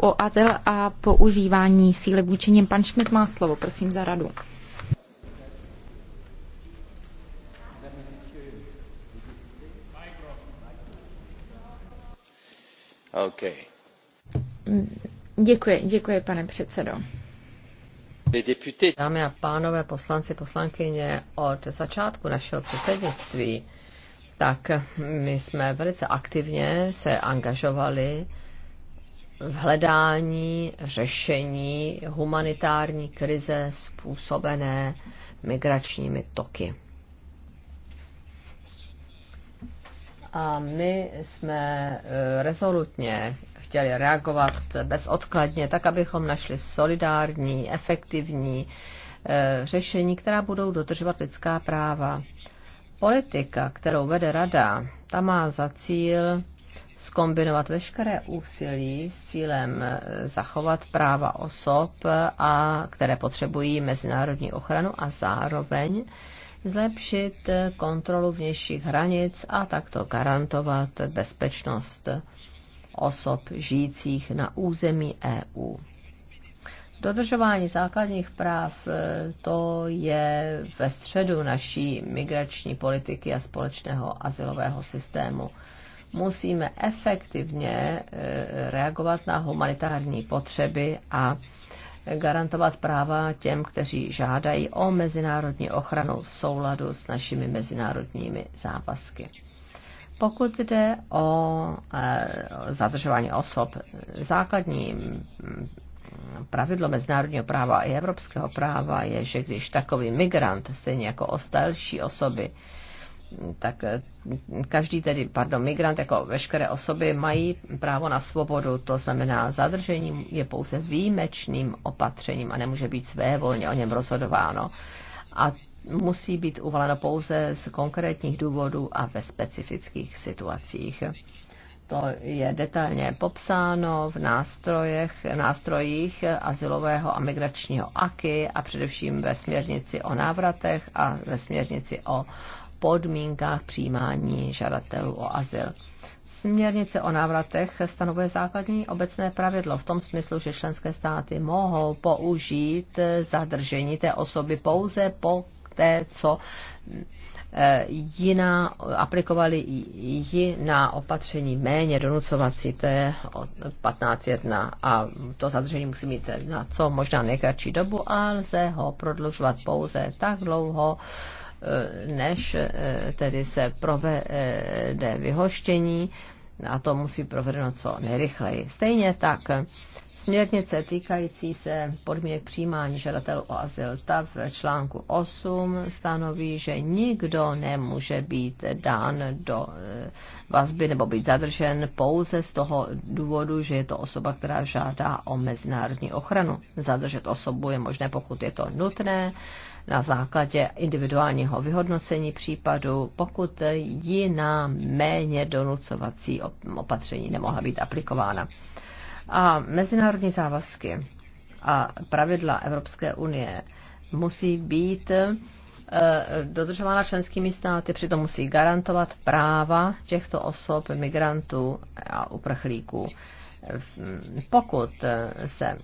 o azyl a používání síly vůči nim. Pan Schmidt má slovo, prosím za radu. Okay. Děkuji, děkuji, pane předsedo. Dámy a pánové, poslanci, poslankyně, od začátku našeho předsednictví, tak my jsme velice aktivně se angažovali v hledání řešení humanitární krize způsobené migračními toky. A my jsme e, rezolutně chtěli reagovat bezodkladně, tak abychom našli solidární, efektivní e, řešení, která budou dodržovat lidská práva. Politika, kterou vede Rada, ta má za cíl skombinovat veškeré úsilí s cílem eh, zachovat práva osob, eh, a které potřebují mezinárodní ochranu a zároveň zlepšit eh, kontrolu vnějších hranic a takto garantovat bezpečnost osob žijících na území EU. Dodržování základních práv to je ve středu naší migrační politiky a společného asilového systému musíme efektivně e, reagovat na humanitární potřeby a garantovat práva těm, kteří žádají o mezinárodní ochranu v souladu s našimi mezinárodními závazky. Pokud jde o e, zadržování osob, základní pravidlo mezinárodního práva i evropského práva je, že když takový migrant, stejně jako ostatní osoby, tak eh, každý tedy, pardon, migrant jako veškeré osoby mají právo na svobodu, to znamená zadržení je pouze výjimečným opatřením a nemůže být volně o něm rozhodováno. A musí být uvaleno pouze z konkrétních důvodů a ve specifických situacích. To je detailně popsáno v nástrojech, nástrojích asilového a migračního AKY a především ve směrnici o návratech a ve směrnici o podmínkách přijímání žadatelů o azyl. Směrnice o návratech stanovuje základní obecné pravidlo v tom smyslu, že členské státy mohou použít zadržení té osoby pouze po té, co e, jiná, aplikovali jiná opatření, méně donucovací, to je 15.1 a to zadržení musí mít na co možná nejkratší dobu a lze ho prodlužovat pouze tak dlouho, Eh, než eh, tedy se provede vyhoštění a to musí provedeno co nejrychleji. Stejně tak Směrnice týkající se podmínek přijímání žadatelů o azyl, ta v článku 8 stanoví, že nikdo nemůže být dán do eh, vazby nebo být zadržen pouze z toho důvodu, že je to osoba, která žádá o mezinárodní ochranu. Zadržet osobu je možné, pokud je to nutné, na základě individuálního vyhodnocení případu, pokud jiná méně donucovací opatření nemohla být aplikována. A mezinárodní závazky a pravidla Evropské unie musí být eh, dodržována členskými státy, přitom musí garantovat práva těchto osob, migrantů a uprchlíků. Pokud eh, se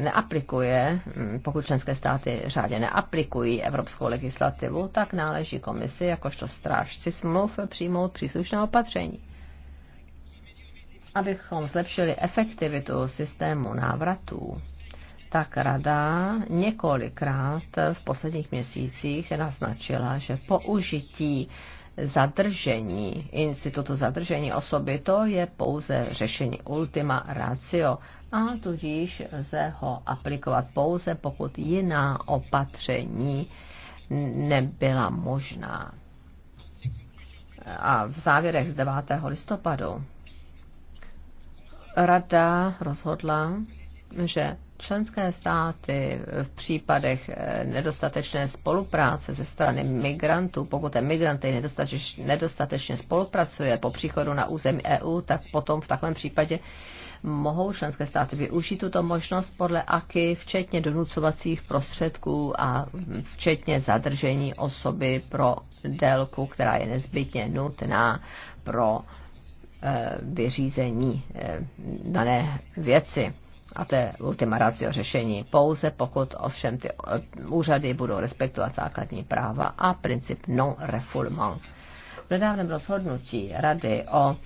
neaplikuje, hm, pokud členské státy řádně neaplikují evropskou legislativu, tak náleží komisi jakožto strážci smluv přijmout příslušné opatření. Abychom zlepšili efektivitu systému návratů, tak rada několikrát v posledních měsících naznačila, že použití zadržení, institutu zadržení osoby, to je pouze řešení ultima ratio a tudíž lze ho aplikovat pouze, pokud jiná opatření nebyla možná. A v závěrech z 9. listopadu Rada rozhodla, že členské státy v případech eh, nedostatečné spolupráce ze strany migrantů, pokud ten migrant nedostatečně spolupracuje po příchodu na území EU, tak potom v takovém případě mohou členské státy využít tuto možnost podle AKY, včetně donucovacích prostředků a včetně zadržení osoby pro délku, která je nezbytně nutná pro Eh, vyřízení eh, dané věci. A to je ultima ratio řešení. Pouze pokud ovšem ty eh, úřady budou respektovat základní práva a princip non-refoulement. V nedávném rozhodnutí Rady o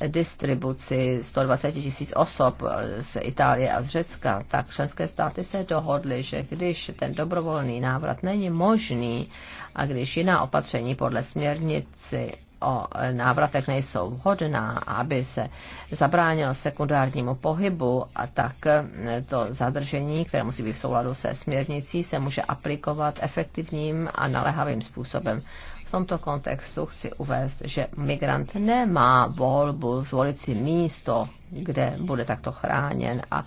redistribuci 120 tisíc osob z Itálie a z Řecka, tak členské státy se dohodly, že když ten dobrovolný návrat není možný a když jiná opatření podle směrnici o návratech nejsou vhodná, aby se zabránilo sekundárnímu pohybu a tak to zadržení, které musí být v souladu se směrnicí, se může aplikovat efektivním a naléhavým způsobem. V tomto kontextu chci uvést, že migrant nemá volbu zvolit si místo, kde bude takto chráněn a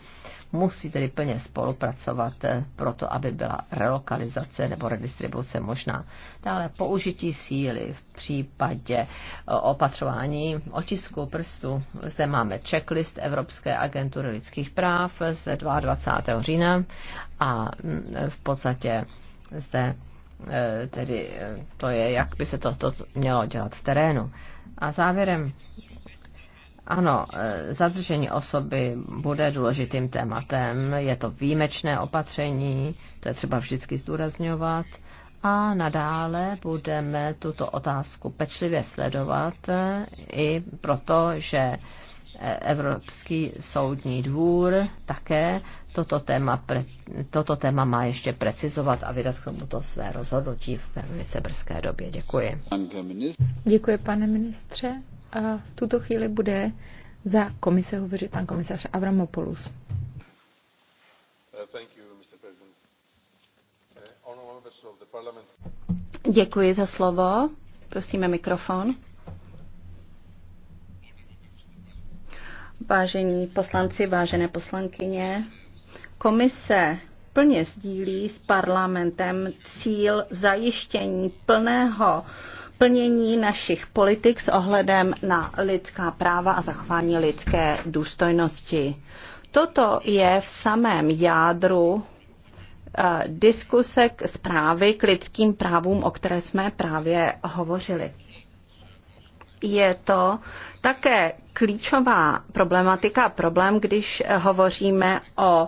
musí tedy plně spolupracovat eh, pro to, aby byla relokalizace nebo redistribuce možná. Dále použití síly v případě eh, opatřování otisku prstu. Zde máme checklist Evropské agentury lidských práv z 22. října a mm, v podstatě zde eh, tedy to je, jak by se to, to mělo dělat v terénu. A závěrem ano, e, zadržení osoby bude důležitým tématem, je to výjimečné opatření, to je třeba vždycky zdůrazňovat. A nadále budeme tuto otázku pečlivě sledovat e, i proto, že Evropský soudní dvůr také toto téma, pre, toto téma má ještě precizovat a vydat k tomuto své rozhodnutí v velice brzké době. Děkuji. Děkuji, pane ministře. A v tuto chvíli bude za komise hovořit pan komisař Avramopoulos. Děkuji za slovo. Prosíme mikrofon. Vážení poslanci, vážené poslankyně, komise plně sdílí s parlamentem cíl zajištění plného plnění našich politik s ohledem na lidská práva a zachování lidské důstojnosti. Toto je v samém jádru eh, diskuse k zprávy k lidským právům, o které jsme právě hovořili. Je to také klíčová problematika, problém, když eh, hovoříme o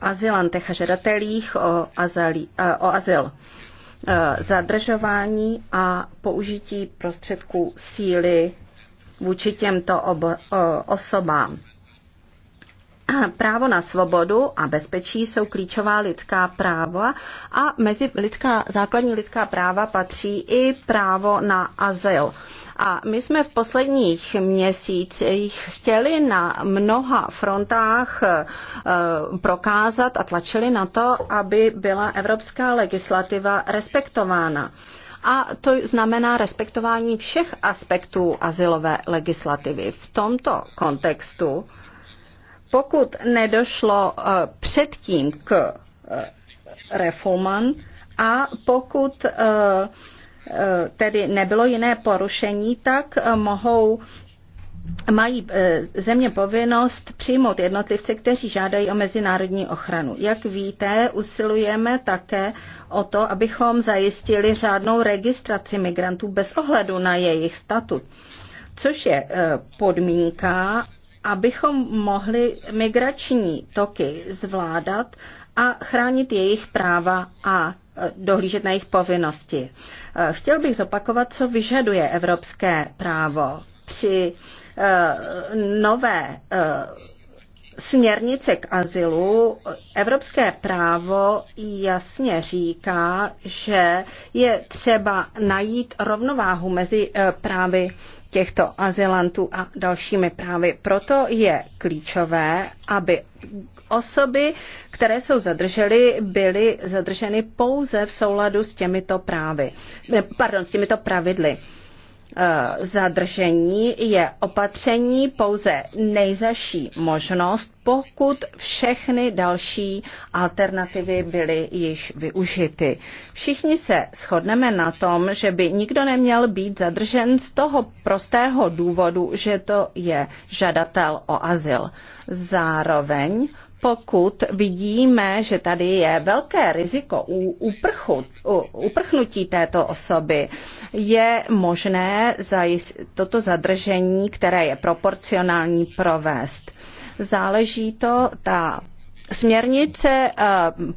azylantech a žadatelích o, azali, eh, o azyl. Eh, zadržování a použití prostředků síly vůči těmto eh, osobám. Právo na svobodu a bezpečí jsou klíčová lidská práva a mezi lidská, základní lidská práva patří i právo na azyl. A my jsme v posledních měsících chtěli na mnoha frontách eh, prokázat a tlačili na to, aby byla evropská legislativa respektována a to znamená respektování všech aspektů asilové legislativy. V tomto kontextu, pokud nedošlo eh, předtím k eh, reformám a pokud Eh, tedy nebylo jiné porušení, tak eh, mohou mají eh, země povinnost přijmout jednotlivce, kteří žádají o mezinárodní ochranu. Jak víte, usilujeme také o to, abychom zajistili řádnou registraci migrantů bez ohledu na jejich statut, což je podmínka, abychom mohli migrační toky zvládat a chránit jejich práva a dohlížet na jejich povinnosti. Eh, chtěl bych zopakovat, co vyžaduje evropské právo při eh, nové eh, směrnice k azylu evropské právo jasně říká, že je třeba najít rovnováhu mezi právy těchto azylantů a dalšími právy. Proto je klíčové, aby Osoby, které jsou zadrželi, byly zadrženy pouze v souladu s těmito právy, pardon, s těmito pravidly e, zadržení je opatření pouze nejzaší možnost, pokud všechny další alternativy byly již využity. Všichni se shodneme na tom, že by nikdo neměl být zadržen z toho prostého důvodu, že to je žadatel o azyl. Zároveň pokud vidíme, že tady je velké riziko u, uprchu, u uprchnutí této osoby, je možné zajist, toto zadržení, které je proporcionální, provést. Záleží to ta Směrnice eh,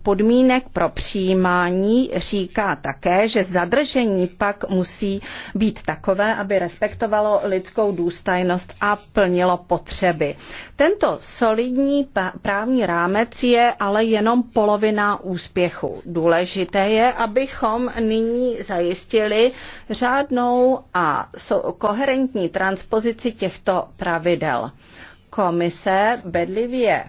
podmínek pro přijímání říká také, že zadržení pak musí být takové, aby respektovalo lidskou důstojnost a plnilo potřeby. Tento solidní právní rámec je ale jenom polovina úspěchu. Důležité je, abychom nyní zajistili řádnou a koherentní transpozici těchto pravidel. Komise bedlivě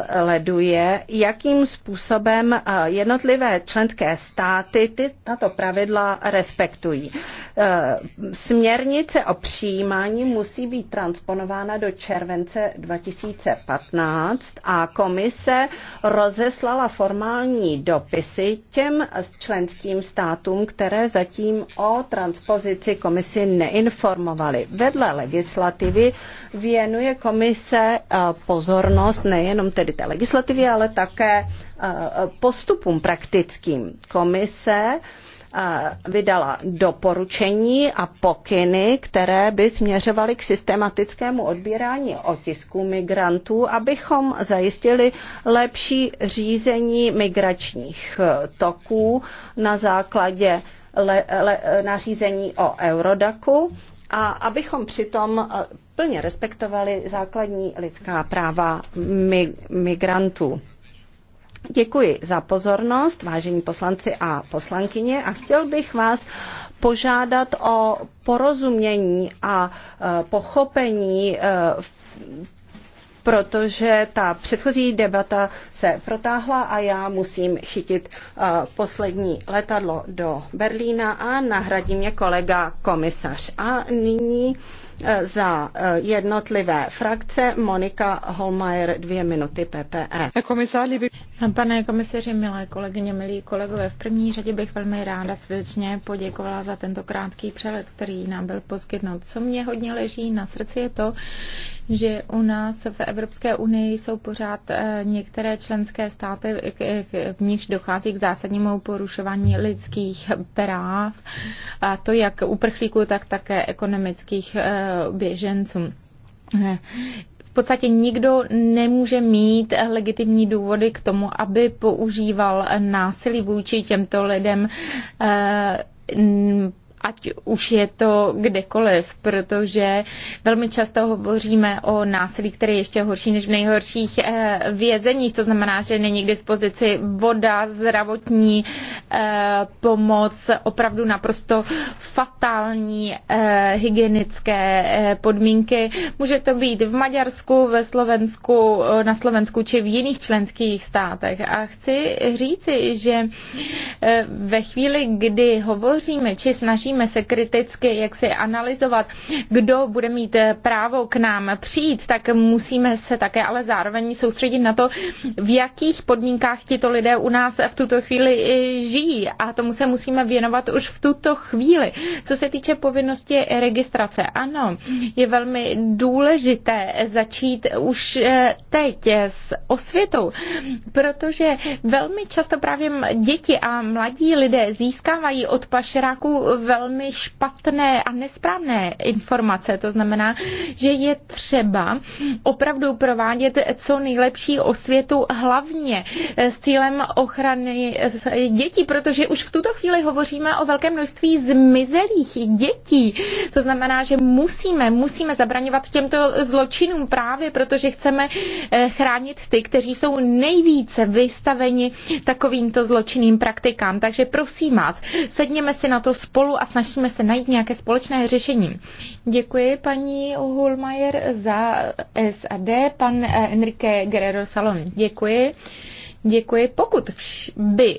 sleduje, jakým způsobem eh, jednotlivé členské státy ty, tato pravidla respektují. Eh, směrnice o přijímání musí být transponována do července 2015 a komise rozeslala formální dopisy těm členským státům, které zatím o transpozici komisi neinformovaly. Vedle legislativy věnuje komise eh, pozornost nejenom tedy tedy té legislativě, ale také eh, postupům praktickým. Komise eh, vydala doporučení a pokyny, které by směřovaly k systematickému odbírání otisků migrantů, abychom zajistili lepší řízení migračních eh, toků na základě le, le, nařízení o Eurodaku a abychom přitom plně respektovali základní lidská práva migrantů. Děkuji za pozornost, vážení poslanci a poslankyně, a chtěl bych vás požádat o porozumění a e, pochopení, e, protože ta předchozí debata se protáhla a já musím chytit e, poslední letadlo do Berlína a nahradí mě kolega komisař. A nyní Eh, za eh, jednotlivé frakce. Monika Holmajer, dvě minuty PPE. Eh, pane komisaři, milé kolegyně, milí kolegové, v první řadě bych velmi ráda srdečně poděkovala za tento krátký přelet, který nám byl poskytnut. Co mě hodně leží na srdci je to, že u nás v Evropské unii jsou pořád eh, některé členské státy, v nichž dochází k zásadnímu porušování lidských práv, a to jak uprchlíků, tak také ekonomických eh, běženců. V podstatě nikdo nemůže mít legitimní důvody k tomu, aby používal násilí vůči těmto lidem eh, ať už je to kdekoliv, protože velmi často hovoříme o násilí, které je ještě horší než v nejhorších eh, vězeních. To znamená, že není k dispozici voda, zdravotní eh, pomoc, opravdu naprosto fatální eh, hygienické podmínky. Může to být v Maďarsku, ve Slovensku, na Slovensku či v jiných členských státech. A chci říci, že ve chvíli, kdy hovoříme či snažíme musíme se kriticky jak si analyzovat, kdo bude mít eh, právo k nám přijít, tak musíme se také ale zároveň soustředit na to, v jakých podmínkách tito lidé u nás v tuto chvíli eh, žijí a tomu se musíme věnovat už v tuto chvíli. Co se týče povinnosti registrace, ano, je velmi důležité začít už eh, teď s osvětou, protože velmi často právě děti a mladí lidé získávají od pašeráků velmi velmi špatné a nesprávné informace. To znamená, že je třeba opravdu provádět co nejlepší osvětu, hlavně s cílem ochrany dětí, protože už v tuto chvíli hovoříme o velkém množství zmizelých dětí. To znamená, že musíme, musíme zabraňovat těmto zločinům právě, protože chceme eh, chránit ty, kteří jsou nejvíce vystaveni takovýmto zločinným praktikám. Takže prosím vás, sedněme si na to spolu a snažíme se najít nějaké společné řešení. Děkuji paní Hulmajer za SAD, pan eh, Enrique Guerrero Salon. Děkuji. Děkuji. Pokud by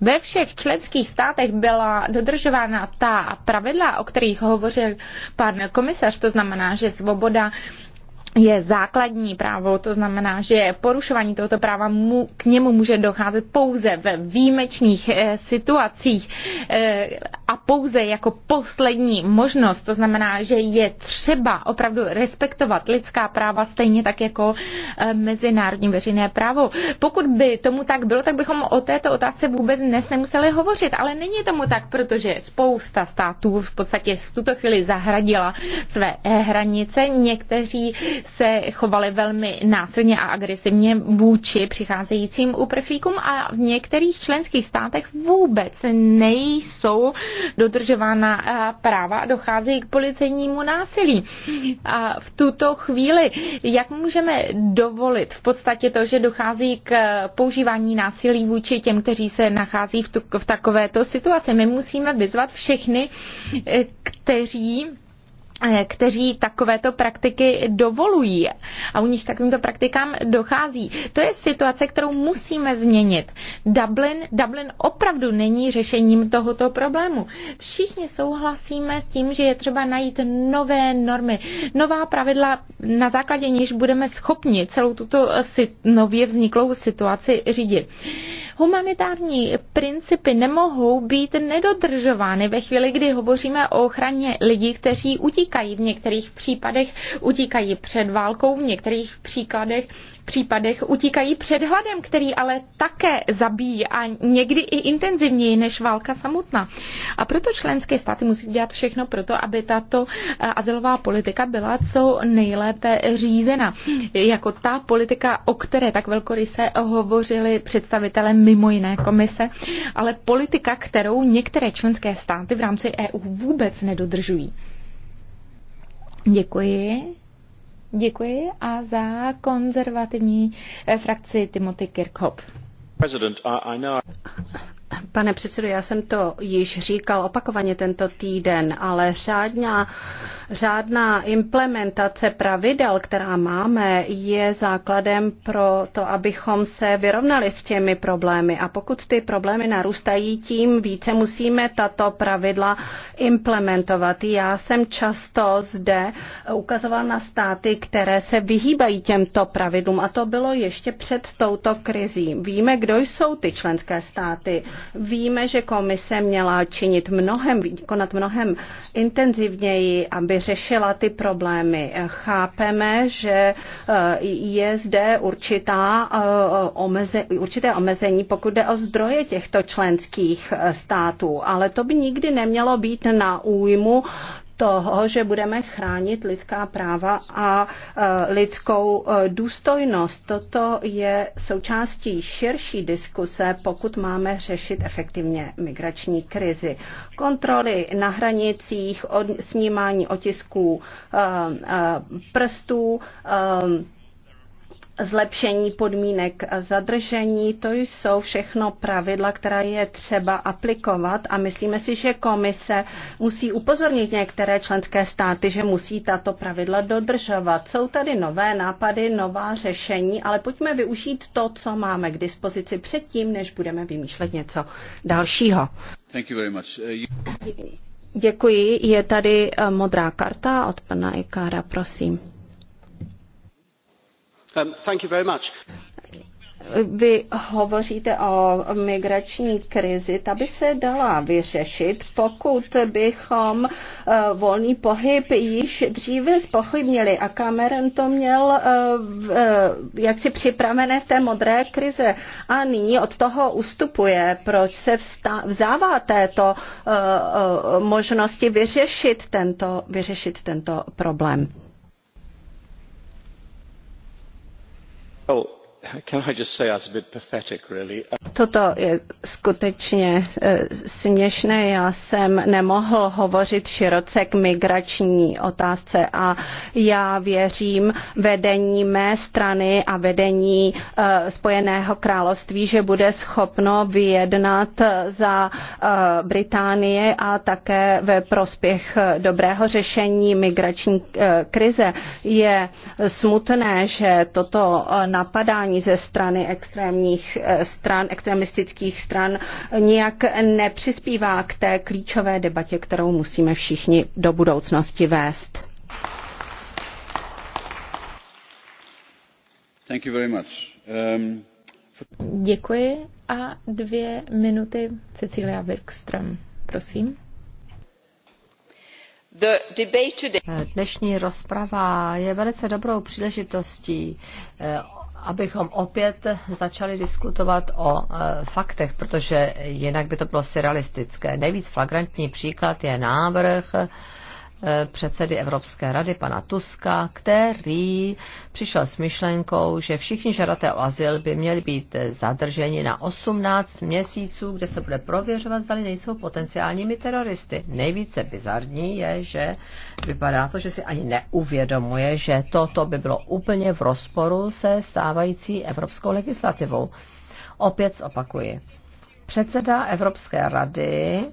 ve všech členských státech byla dodržována ta pravidla, o kterých hovořil pan komisař, to znamená, že svoboda je základní právo, to znamená, že porušování tohoto práva mu, k němu může docházet pouze ve výjimečných e, situacích e, a pouze jako poslední možnost. To znamená, že je třeba opravdu respektovat lidská práva stejně tak jako e, mezinárodní veřejné právo. Pokud by tomu tak bylo, tak bychom o této otázce vůbec dnes nemuseli hovořit, ale není tomu tak, protože spousta států v podstatě v tuto chvíli zahradila své hranice. Někteří se chovali velmi násilně a agresivně vůči přicházejícím uprchlíkům a v některých členských státech vůbec nejsou dodržována eh, práva a dochází k policejnímu násilí. A v tuto chvíli, jak můžeme dovolit v podstatě to, že dochází k eh, používání násilí vůči těm, kteří se nachází v, tu, v takovéto situaci? My musíme vyzvat všechny, eh, kteří Eh, kteří takovéto praktiky dovolují a u níž takovýmto praktikám dochází. To je situace, kterou musíme změnit. Dublin, Dublin opravdu není řešením tohoto problému. Všichni souhlasíme s tím, že je třeba najít nové normy, nová pravidla, na základě níž budeme schopni celou tuto nově vzniklou situaci řídit. Humanitární principy nemohou být nedodržovány ve chvíli, kdy hovoříme o ochraně lidí, kteří utíkají utíkají, v některých případech utíkají před válkou, v některých příkladech případech utíkají před hladem, který ale také zabíjí a někdy i intenzivněji než válka samotná. A proto členské státy musí dělat všechno pro to, aby tato eh, azylová politika byla co nejlépe řízena. Jako ta politika, o které tak velkoryse hovořili představitelé mimo jiné komise, ale politika, kterou některé členské státy v rámci EU vůbec nedodržují. Děkuji. Děkuji a za konzervativní eh, frakci Timothy Kirkhope. President, I, I know... Pane předsedo, já jsem to již říkal opakovaně tento týden, ale řádná, řádná implementace pravidel, která máme, je základem pro to, abychom se vyrovnali s těmi problémy. A pokud ty problémy narůstají, tím více musíme tato pravidla implementovat. Já jsem často zde ukazoval na státy, které se vyhýbají těmto pravidlům a to bylo ještě před touto krizí. Víme, kdo jsou ty členské státy. Víme, že komise měla činit mnohem, konat mnohem intenzivněji, aby řešila ty problémy. Chápeme, že eh, je zde určitá eh, omeze, určité omezení, pokud jde o zdroje těchto členských eh, států, ale to by nikdy nemělo být na újmu toho, že budeme chránit lidská práva a e, lidskou e, důstojnost. Toto je součástí širší diskuse, pokud máme řešit efektivně migrační krizi. Kontroly na hranicích, snímání otisků e, prstů, zlepšení podmínek zadržení. To jsou všechno pravidla, která je třeba aplikovat a myslíme si, že komise musí upozornit některé členské státy, že musí tato pravidla dodržovat. Jsou tady nové nápady, nová řešení, ale pojďme využít to, co máme k dispozici předtím, než budeme vymýšlet něco dalšího. Thank you very much. Uh, you... Děkuji. Je tady eh, modrá karta od pana Ikára, prosím. Um, vy hovoříte o migrační krizi, ta by se dala vyřešit, pokud bychom uh, volný pohyb již dříve zpochybnili a Cameron to měl uh, uh, jaksi připravené z té modré krize a nyní od toho ustupuje. Proč se vzává této možnosti vyřešit tento, vyřešit tento problém? Hello. Oh, Toto je skutečně eh, směšné. Já jsem nemohl hovořit široce k migrační otázce a já věřím vedení mé strany a vedení eh, Spojeného království, že bude schopno vyjednat eh, za Británie a také ve prospěch dobrého řešení migrační krize. Je smutné, že toto napadání financování ze strany extrémních eh, stran, extremistických stran nijak nepřispívá k té klíčové debatě, kterou musíme všichni do budoucnosti vést. Thank you very much. Um... Děkuji a dvě minuty Cecilia Wikström, prosím. Eh, dnešní rozprava je velice dobrou příležitostí eh, abychom opět začali diskutovat o e, faktech, protože jinak by to bylo surrealistické. Nejvíc flagrantní příklad je návrh Eh, předsedy Evropské rady, pana Tuska, který přišel s myšlenkou, že všichni žadaté o azyl by měli být eh, zadrženi na 18 měsíců, kde se bude prověřovat, zda nejsou potenciálními teroristy. Nejvíce bizarní je, že vypadá to, že si ani neuvědomuje, že toto by bylo úplně v rozporu se stávající evropskou legislativou. Opět opakuji. Předseda Evropské rady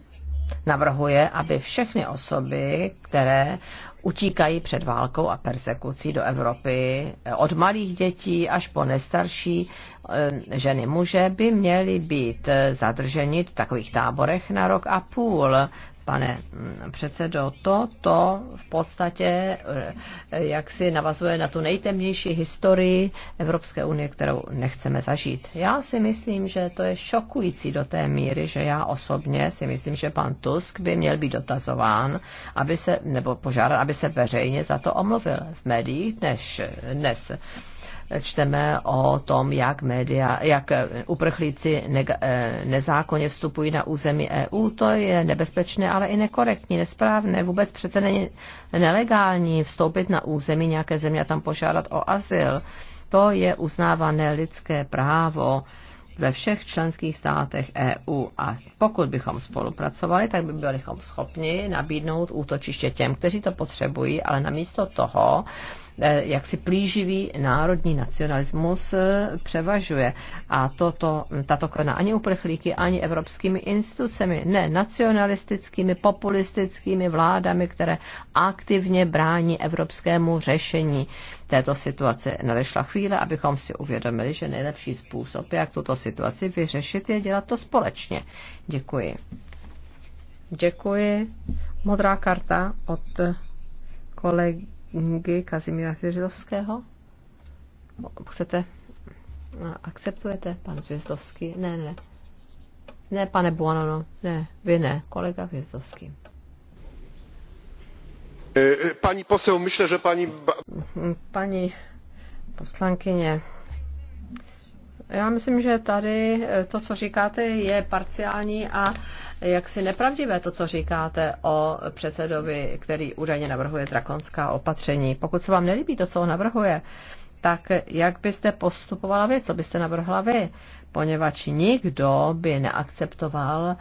navrhuje, aby všechny osoby, které utíkají před válkou a persekucí do Evropy, eh, od malých dětí až po nestarší eh, ženy muže, by měly být eh, zadrženi v takových táborech na rok a půl pane předsedo. To, to v podstatě eh, jak si navazuje na tu nejtemnější historii Evropské unie, kterou nechceme zažít. Já si myslím, že to je šokující do té míry, že já osobně si myslím, že pan Tusk by měl být dotazován, aby se, nebo požádat, aby se veřejně za to omluvil v médiích dnes. dnes čteme o tom, jak média, jak eh, uprchlíci eh, nezákonně vstupují na území EU. To je nebezpečné, ale i nekorektní, nesprávné. Vůbec přece není nelegální vstoupit na území nějaké země a tam požádat o azyl. To je uznávané lidské právo ve všech členských státech EU a pokud bychom spolupracovali, tak by byli schopni nabídnout útočiště těm, kteří to potřebují, ale namísto toho Eh, jaksi plíživý národní nacionalismus eh, převažuje. A toto, tato kona ani uprchlíky, ani evropskými institucemi, ne nacionalistickými, populistickými vládami, které aktivně brání evropskému řešení této situace. Nadešla chvíle, abychom si uvědomili, že nejlepší způsob, jak tuto situaci vyřešit, je dělat to společně. Děkuji. Děkuji. Modrá karta od kolegy knihy Kazimíra Zvězdovského? Chcete? Akceptujete, pan Zvězdovský? Ne, ne. Ne, pane Buonono, ne, vy ne, kolega Hvězdovský. E, e, pani poseł, myślę, že pani... Pani poslankyně, já myslím, že tady e, to, co říkáte, je parciální a jaksi nepravdivé to, co říkáte o předsedovi, který údajně navrhuje drakonská opatření. Pokud se vám nelíbí to, co on navrhuje, tak jak byste postupovala vy, co byste navrhla vy? Poněvadž nikdo by neakceptoval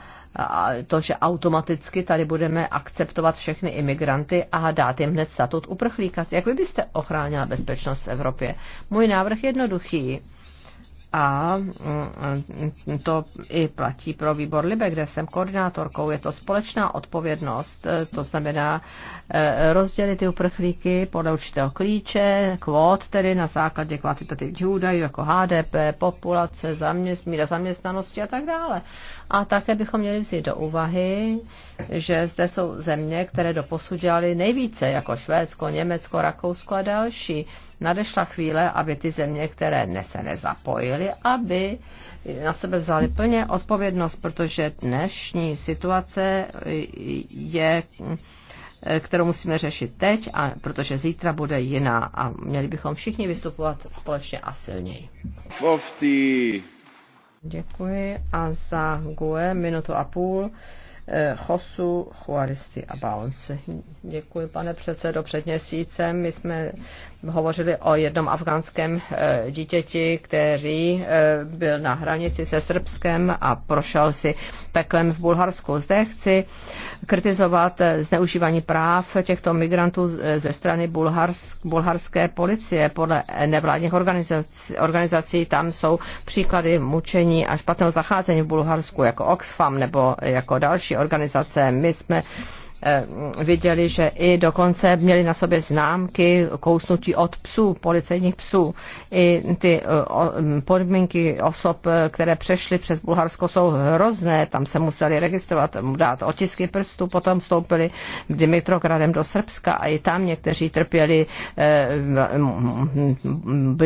to, že automaticky tady budeme akceptovat všechny imigranty a dát jim hned statut uprchlíka. Jak vy byste ochránila bezpečnost v Evropě? Můj návrh je jednoduchý a mm, to i platí pro výbor Libe, kde jsem koordinátorkou. Je to společná odpovědnost, eh, to znamená eh, rozdělit ty uprchlíky podle určitého klíče, kvót tedy na základě kvantitativních údajů jako HDP, populace, zaměst, míra zaměstnanosti a tak dále. A také bychom měli vzít do úvahy, že zde jsou země, které doposud dělali nejvíce, jako Švédsko, Německo, Rakousko a další. Nadešla chvíle, aby ty země, které ne se nezapojily, věřiteli, aby na sebe vzali plně odpovědnost, protože dnešní situace je kterou musíme řešit teď, a protože zítra bude jiná a měli bychom všichni vystupovat společně a silněji. Mufti. Děkuji a za GUE minutu a půl. Chosu, eh, Chuaristi a Bounce. Děkuji, pane předsedo. Před měsícem my jsme hovořili o jednom afgánském eh, dítěti, který eh, byl na hranici se Srbskem a prošel si peklem v Bulharsku. Zde chci kritizovat eh, zneužívání práv těchto migrantů ze strany bulharsk, bulharské policie. Podle nevládních organizací, organizací tam jsou příklady mučení a špatného zacházení v Bulharsku jako Oxfam nebo jako další organizace. My jsme Eh, viděli, že i dokonce měli na sobě známky kousnutí od psů, policejních psů. I ty eh, mm, podmínky osob, eh, které přešly přes Bulharsko, jsou hrozné. Tam se museli registrovat, dát otisky prstů, potom vstoupili Dimitrokradem do Srbska a i tam někteří trpěli,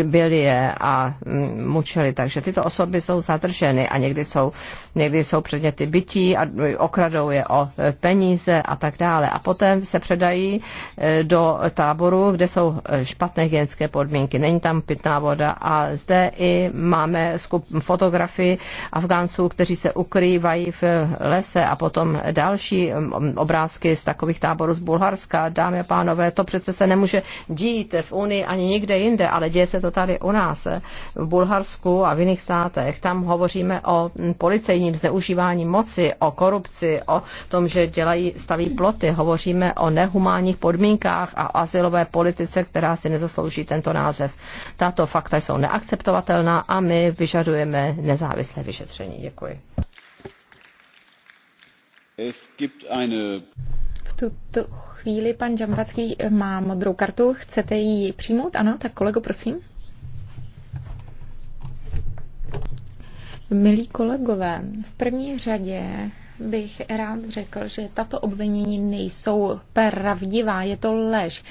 byli je a mm, mučili. Takže tyto osoby jsou zadrženy a někdy jsou, někdy jsou předměty bytí a okradou je o peníze a tak dále. A potom se předají e, do táboru, kde jsou e, špatné hygienické podmínky. Není tam pitná voda a zde i máme skup fotografii Afgánců, kteří se ukrývají v lese a potom další obrázky z takových táborů z Bulharska. Dámy a pánové, to přece se nemůže dít v Unii ani nikde jinde, ale děje se to tady u nás e, v Bulharsku a v jiných státech. Tam hovoříme o policejním zneužívání moci, o korupci, o tom, že dělají, staví ploty, hovoříme o nehumánních podmínkách a asilové politice, která si nezaslouží tento název. Tato fakta jsou neakceptovatelná a my vyžadujeme nezávislé vyšetření. Děkuji. V tuto chvíli pan Džambacký má modrou kartu. Chcete ji přijmout? Ano, tak kolego, prosím. Milí kolegové, v první řadě bych rád řekl, že tato obvinění nejsou pravdivá, je to lež.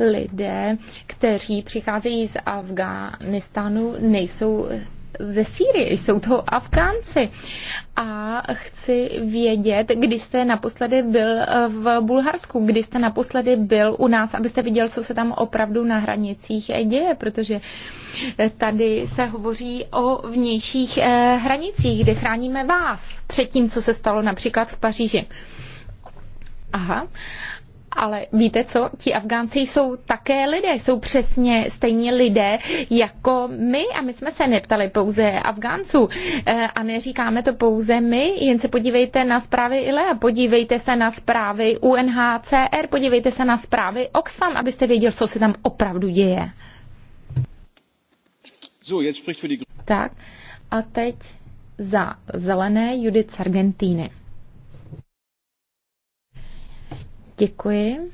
Lidé, kteří přicházejí z Afghánistánu, nejsou ze Sýrie, jsou to Afgánci. A chci vědět, kdy jste naposledy byl eh, v Bulharsku, kdy jste naposledy byl u nás, abyste viděl, co se tam opravdu na hranicích eh, děje, protože eh, tady se hovoří o vnějších hranicích, kde chráníme vás před tím, co se stalo například v Paříži. Aha. Ale víte co? Ti Afgánci jsou také lidé, jsou přesně stejní lidé jako my a my jsme se neptali pouze Afgánců e, a neříkáme to pouze my, jen se podívejte na zprávy a podívejte se na zprávy UNHCR, podívejte se na zprávy Oxfam, abyste věděl, co se tam opravdu děje. So, jetzt für die... Tak a teď za zelené Judith Sargentini. Děkuji.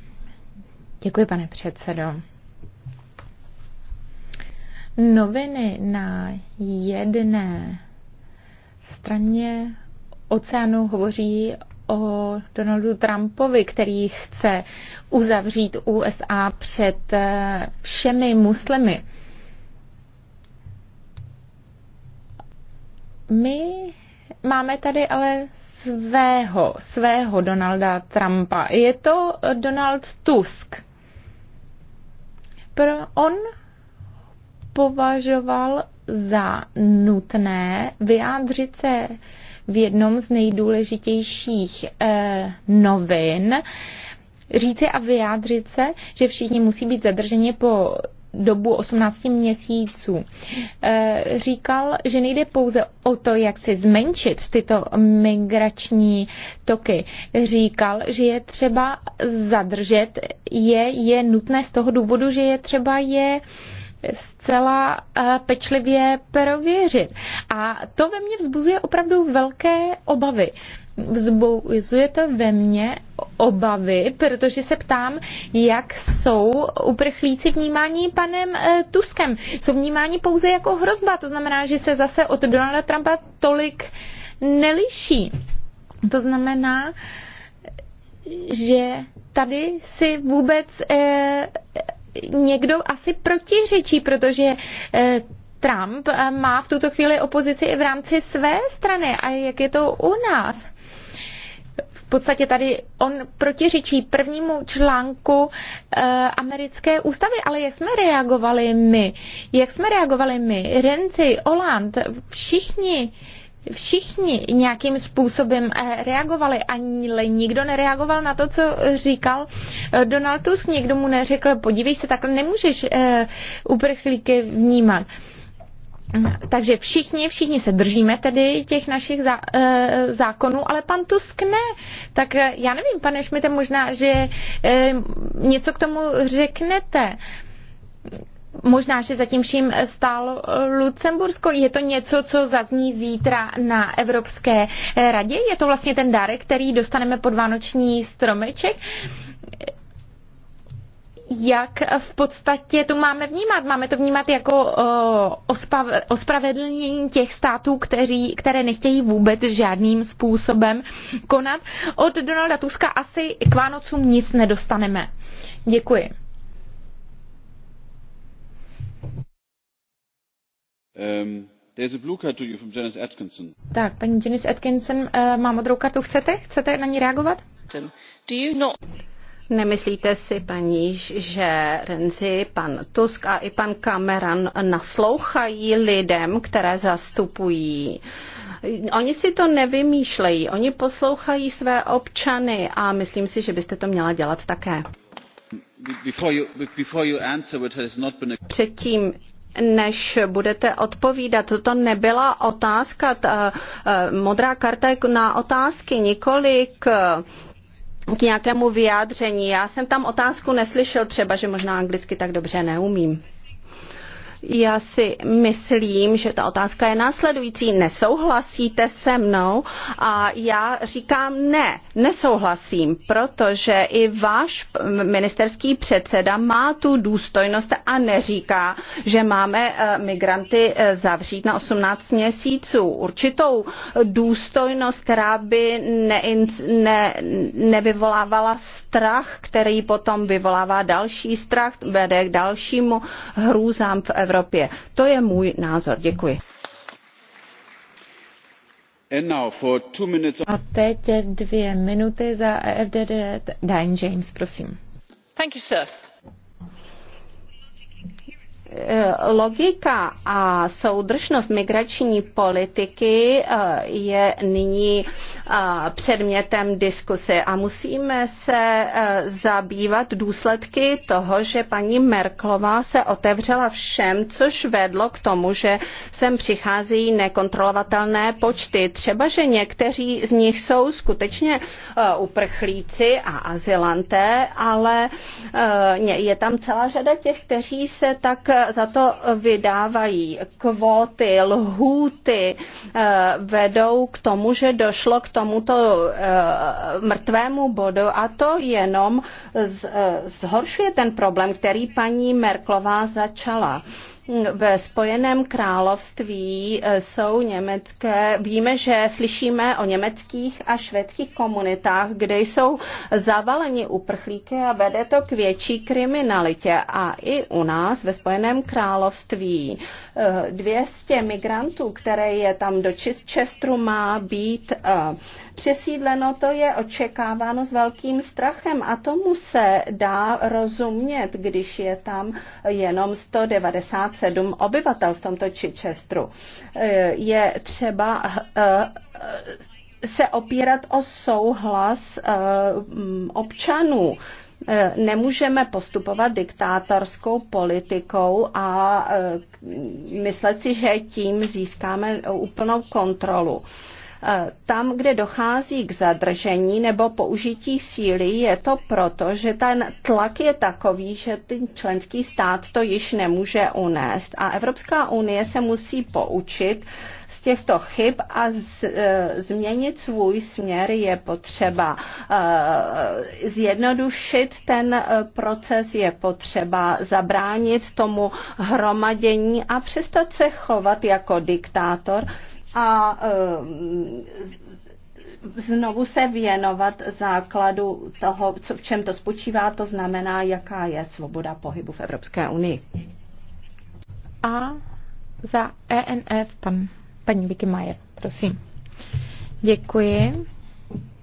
Děkuji, pane předsedo. Noviny na jedné straně oceánu hovoří o Donaldu Trumpovi, který chce uzavřít USA před eh, všemi muslimy. My máme tady ale svého, svého Donalda Trumpa. Je to Donald Tusk. Pro on považoval za nutné vyjádřit se v jednom z nejdůležitějších eh, novin, říci a vyjádřit se, že všichni musí být zadrženi po dobu 18 měsíců. Eh, říkal, že nejde pouze o to, jak si zmenšit tyto migrační toky. Říkal, že je třeba zadržet, je, je nutné z toho důvodu, že je třeba je uh, zcela eh, pečlivě prověřit. A to ve mně vzbuzuje opravdu velké obavy vzbuzuje to ve mně obavy, protože se ptám, jak jsou uprchlíci vnímání panem eh, Tuskem. Jsou vnímání pouze jako hrozba, to znamená, že se zase od Donalda Trumpa tolik neliší. To znamená, že tady si vůbec eh, někdo asi protiřečí, protože eh, Trump eh, má v tuto chvíli opozici i v rámci své strany. A jak je to u nás? V podstatě tady on protiřečí prvnímu článku eh, americké ústavy, ale jak jsme reagovali my? Jak jsme reagovali my? Renzi, Oland, všichni všichni nějakým způsobem eh, reagovali, ani nikdo nereagoval na to, co říkal eh, Donald Tusk. Někdo mu neřekl, podívej se, takhle nemůžeš eh, uprchlíky vnímat. Takže všichni, všichni se držíme tedy těch našich zá, e, zákonů, ale pan Tusk ne. Tak já nevím, pane Šmite, možná, že e, něco k tomu řeknete Možná, že zatím vším stálo Lucembursko. Je to něco, co zazní zítra na Evropské radě? Je to vlastně ten dárek, který dostaneme pod vánoční stromeček? jak v podstatě to máme vnímat. Máme to vnímat jako uh, ospravedlnění těch států, kteří, které nechtějí vůbec žádným způsobem konat. Od Donalda Tuska asi k Vánocům nic nedostaneme. Děkuji. Um, Janice Tak, paní Janice Atkinson, eh, má modrou kartu. Chcete? Chcete na ní reagovat? Nemyslíte si, paní, že Renzi, pan Tusk a i pan Cameron naslouchají lidem, které zastupují? Oni si to nevymýšlejí, oni poslouchají své občany a myslím si, že byste to měla dělat také. Předtím, než budete odpovídat. To nebyla otázka, eh, modrá karta je na otázky, nikolik k nějakému vyjádření. Já jsem tam otázku neslyšel třeba, že možná anglicky tak dobře neumím. Já si myslím, že ta otázka je následující. Nesouhlasíte se mnou? A já říkám ne, nesouhlasím, protože i váš ministerský předseda má tu důstojnost a neříká, že máme eh, migranty eh, zavřít na 18 měsíců. Určitou důstojnost, která by ne, ne, nevyvolávala strach, který potom vyvolává další strach, vede k dalšímu hrůzám v Evropě Evropě. To je můj názor. Děkuji. A teď dvě minuty za EFDD. Dine James, prosím. Thank you, sir. Eh, logika a soudržnost migrační politiky eh, je nyní eh, předmětem diskuse a musíme se zabývat důsledky toho, že paní Merklová se otevřela všem, což vedlo k tomu, že sem přichází nekontrolovatelné počty. Třeba, že někteří z nich jsou skutečně uprchlíci a azylanté, ale je tam celá řada těch, kteří se tak za to vydávají. Kvóty, lhůty eh, vedou k tomu, že došlo k tomuto eh, mrtvému bodu a to jenom eh, zhoršuje ten problém, který paní Merklová začala ve Spojeném království e, jsou německé, víme, že slyšíme o německých a švédských komunitách, kde jsou zavaleni uprchlíky a vede to k větší kriminalitě. A i u nás ve Spojeném království 200 e, migrantů, které je tam do Čestru, má být e, přesídleno, to je očekáváno s velkým strachem a tomu se dá rozumět, když je tam jenom 197 obyvatel v tomto Čičestru. Eh, je třeba eh, eh, se opírat o souhlas mm, občanů nemůžeme postupovat diktátorskou politikou a myslet si, že tím získáme úplnou kontrolu. E, tam, kde dochází k zadržení nebo použití síly, je to proto, že ten tlak je takový, že ten členský stát to již nemůže unést. A Evropská unie se musí poučit z těchto chyb a z, e, změnit svůj směr je potřeba. E, zjednodušit ten e, proces je potřeba, zabránit tomu hromadění a přestat se chovat jako diktátor a eh, znovu se věnovat základu toho, co, v čem to spočívá, to znamená, jaká je svoboda pohybu v Evropské unii. A za ENF pan, paní Vicky Majer, prosím. Děkuji.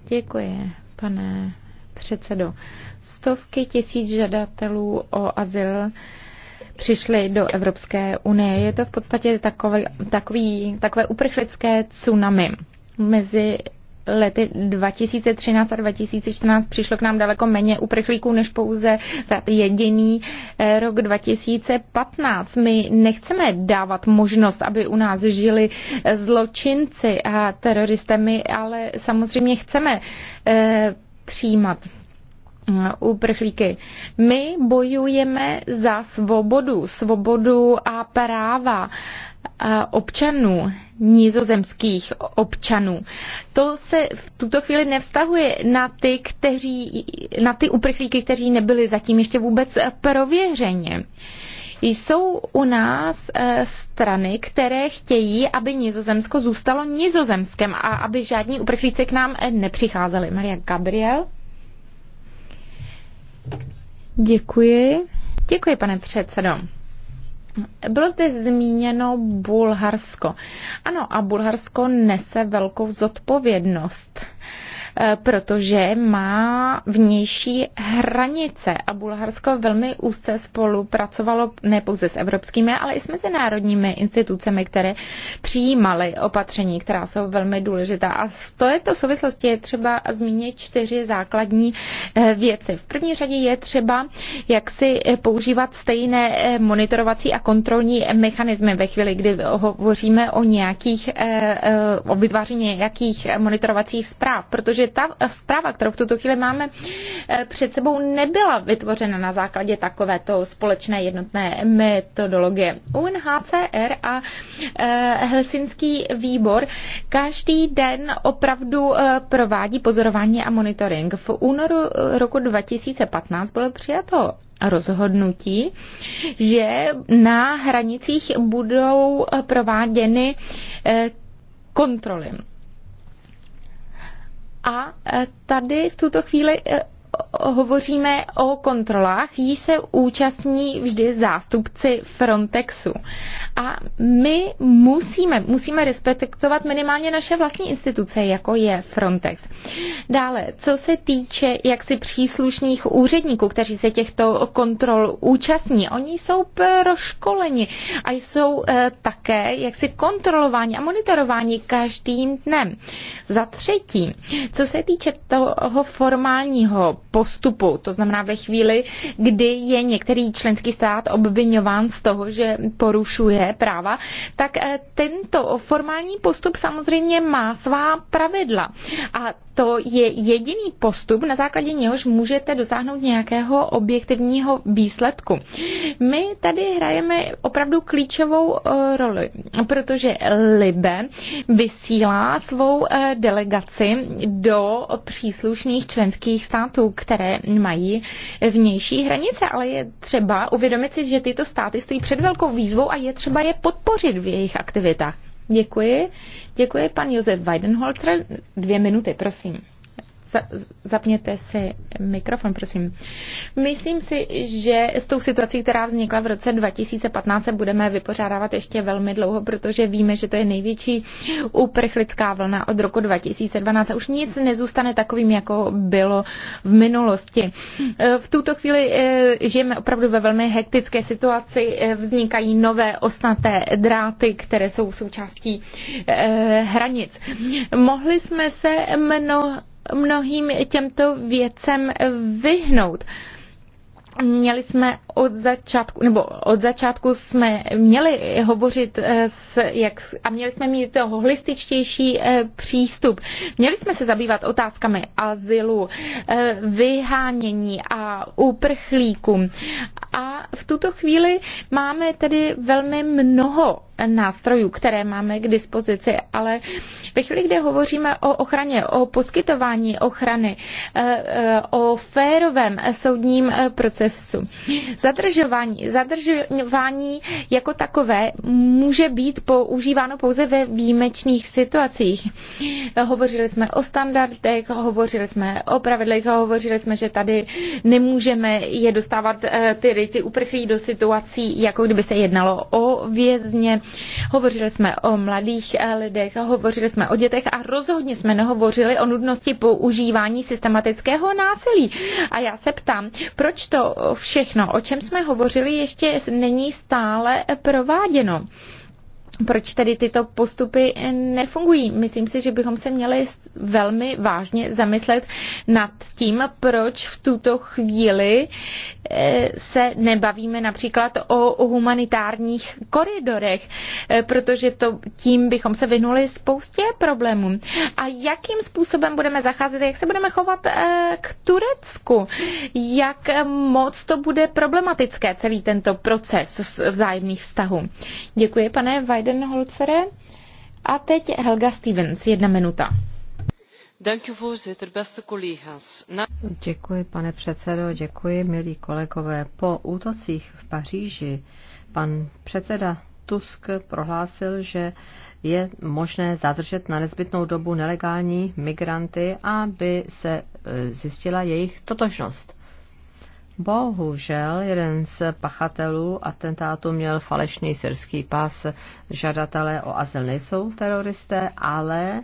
Děkuji, pane předsedo. Stovky tisíc žadatelů o azyl přišli do Evropské unie. Je to v podstatě takový, takový, takové uprchlické tsunami mezi lety 2013 a 2014 přišlo k nám daleko méně uprchlíků než pouze za jediný eh, rok 2015. My nechceme dávat možnost, aby u nás žili eh, zločinci a teroristé, my ale samozřejmě chceme eh, přijímat Eh, uprchlíky. My bojujeme za svobodu, svobodu a práva eh, občanů, nízozemských občanů. To se v tuto chvíli nevztahuje na ty, kteří, na ty uprchlíky, kteří nebyli zatím ještě vůbec prověřeni. Jsou u nás eh, strany, které chtějí, aby Nizozemsko zůstalo Nizozemskem a aby žádní uprchlíci k nám nepřicházeli. Maria Gabriel? Děkuji. Děkuji, pane předsedo. Bylo zde zmíněno Bulharsko. Ano, a Bulharsko nese velkou zodpovědnost. Eh, protože má vnější hranice a Bulharsko velmi úzce spolupracovalo ne pouze s evropskými, ale i s mezinárodními institucemi, které přijímaly opatření, která jsou velmi důležitá. A z této souvislosti je třeba zmínit čtyři základní eh, věci. V první řadě je třeba, jak si eh, používat stejné monitorovací a kontrolní mechanismy ve chvíli, kdy hovoříme o nějakých, o vytváření nějakých monitorovacích zpráv, protože protože ta zpráva, kterou v tuto chvíli máme eh, před sebou, nebyla vytvořena na základě takovéto společné jednotné metodologie. UNHCR a eh, Helsinský výbor každý den opravdu eh, provádí pozorování a monitoring. V únoru roku 2015 bylo přijato rozhodnutí, že na hranicích budou prováděny kontroly. A eh, tady v tuto chvíli eh, hovoříme o kontrolách, jí se účastní vždy zástupci Frontexu. A my musíme, musíme respektovat minimálně naše vlastní instituce, jako je Frontex. Dále, co se týče jaksi příslušných úředníků, kteří se těchto kontrol účastní, oni jsou proškoleni a jsou e, také jaksi kontrolováni a monitorováni každým dnem. Za třetí, co se týče toho formálního postupu. To znamená ve chvíli, kdy je některý členský stát obvinován z toho, že porušuje práva, tak eh, tento formální postup samozřejmě má svá pravidla. A to je jediný postup, na základě něhož můžete dosáhnout nějakého objektivního výsledku. My tady hrajeme opravdu klíčovou eh, roli, protože Libe vysílá svou eh, delegaci do příslušných členských států, které mají vnější hranice, ale je třeba uvědomit si, že tyto státy stojí před velkou výzvou a je třeba je podpořit v jejich aktivitách. Děkuji. Děkuji pan Josef Weidenholzer. Dvě minuty, prosím zapněte si mikrofon, prosím. Myslím si, že s tou situací, která vznikla v roce 2015, se budeme vypořádávat ještě velmi dlouho, protože víme, že to je největší uprchlická vlna od roku 2012. Už nic nezůstane takovým, jako bylo v minulosti. V tuto chvíli eh, žijeme opravdu ve velmi hektické situaci. Eh, vznikají nové osnaté dráty, které jsou součástí eh, hranic. Mohli jsme se mnoho mnohým těmto věcem vyhnout. Měli jsme od začátku, nebo od začátku jsme měli hovořit eh, s, jak, a měli jsme mít to holističtější eh, přístup. Měli jsme se zabývat otázkami azylu, eh, vyhánění a uprchlíkům. A v tuto chvíli máme tedy velmi mnoho nástrojů, které máme k dispozici, ale ve chvíli, kde hovoříme o ochraně, o poskytování ochrany, o férovém soudním procesu, Zadržování, zadržování jako takové může být používáno pouze ve výjimečných situacích. Hovořili jsme o standardech, hovořili jsme o pravidlech, hovořili jsme, že tady nemůžeme je dostávat eh, ty, ty uprchlí do situací, jako kdyby se jednalo o vězně. Hovořili jsme o mladých eh, lidech, hovořili jsme o dětech a rozhodně jsme nehovořili o nudnosti používání systematického násilí. A já se ptám, proč to všechno, o čem čem jsme hovořili, ještě není stále prováděno proč tedy tyto postupy nefungují. Myslím si, že bychom se měli velmi vážně zamyslet nad tím, proč v tuto chvíli eh, se nebavíme například o humanitárních koridorech, eh, protože to, tím bychom se vynuli spoustě problémů. A jakým způsobem budeme zacházet, jak se budeme chovat eh, k Turecku, jak moc to bude problematické, celý tento proces vzájemných vztahů. Děkuji, pane Vajdě. Weidenholzere. A teď Helga Stevens, jedna minuta. Děkuji, pane předsedo, děkuji, milí kolegové. Po útocích v Paříži pan předseda Tusk prohlásil, že je možné zadržet na nezbytnou dobu nelegální migranty, aby se e, zjistila jejich totožnost. Bohužel jeden z pachatelů atentátu měl falešný syrský pas. Žadatelé o azyl nejsou teroristé, ale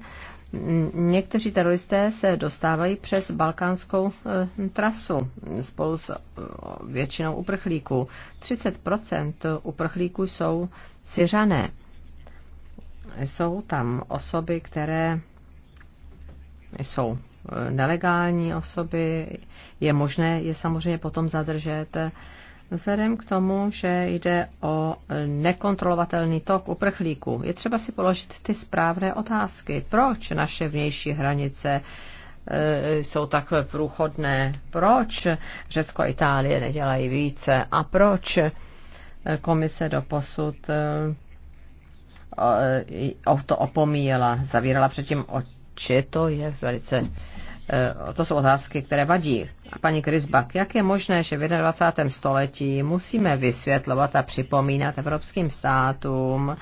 někteří teroristé se dostávají přes balkánskou eh, trasu spolu s eh, většinou uprchlíků. 30% uprchlíků jsou syřané. Jsou tam osoby, které jsou nelegální osoby. Je možné je samozřejmě potom zadržet. Vzhledem k tomu, že jde o nekontrolovatelný tok uprchlíků, je třeba si položit ty správné otázky. Proč naše vnější hranice e, jsou tak průchodné? Proč Řecko a Itálie nedělají více? A proč e, komise do posud e, to opomíjela, zavírala předtím či to je velice eh, to jsou otázky, které vadí. A paní Krisbak, jak je možné, že v 21. století musíme vysvětlovat a připomínat evropským státům,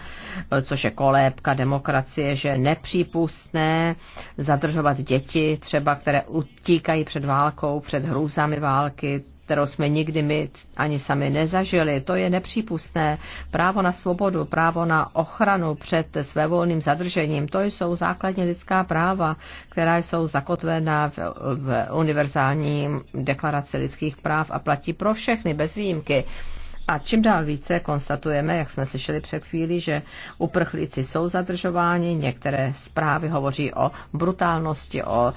eh, což je kolébka demokracie, že nepřípustné zadržovat děti, třeba které utíkají před válkou, před hrůzami války, kterou jsme nikdy my ani sami nezažili. To je nepřípustné. Právo na svobodu, právo na ochranu před svévolným zadržením, to jsou základní lidská práva, která jsou zakotvená v, v univerzální deklaraci lidských práv a platí pro všechny bez výjimky. A čím dál více konstatujeme, jak jsme slyšeli před chvílí, že uprchlíci jsou zadržováni, některé zprávy hovoří o brutálnosti, o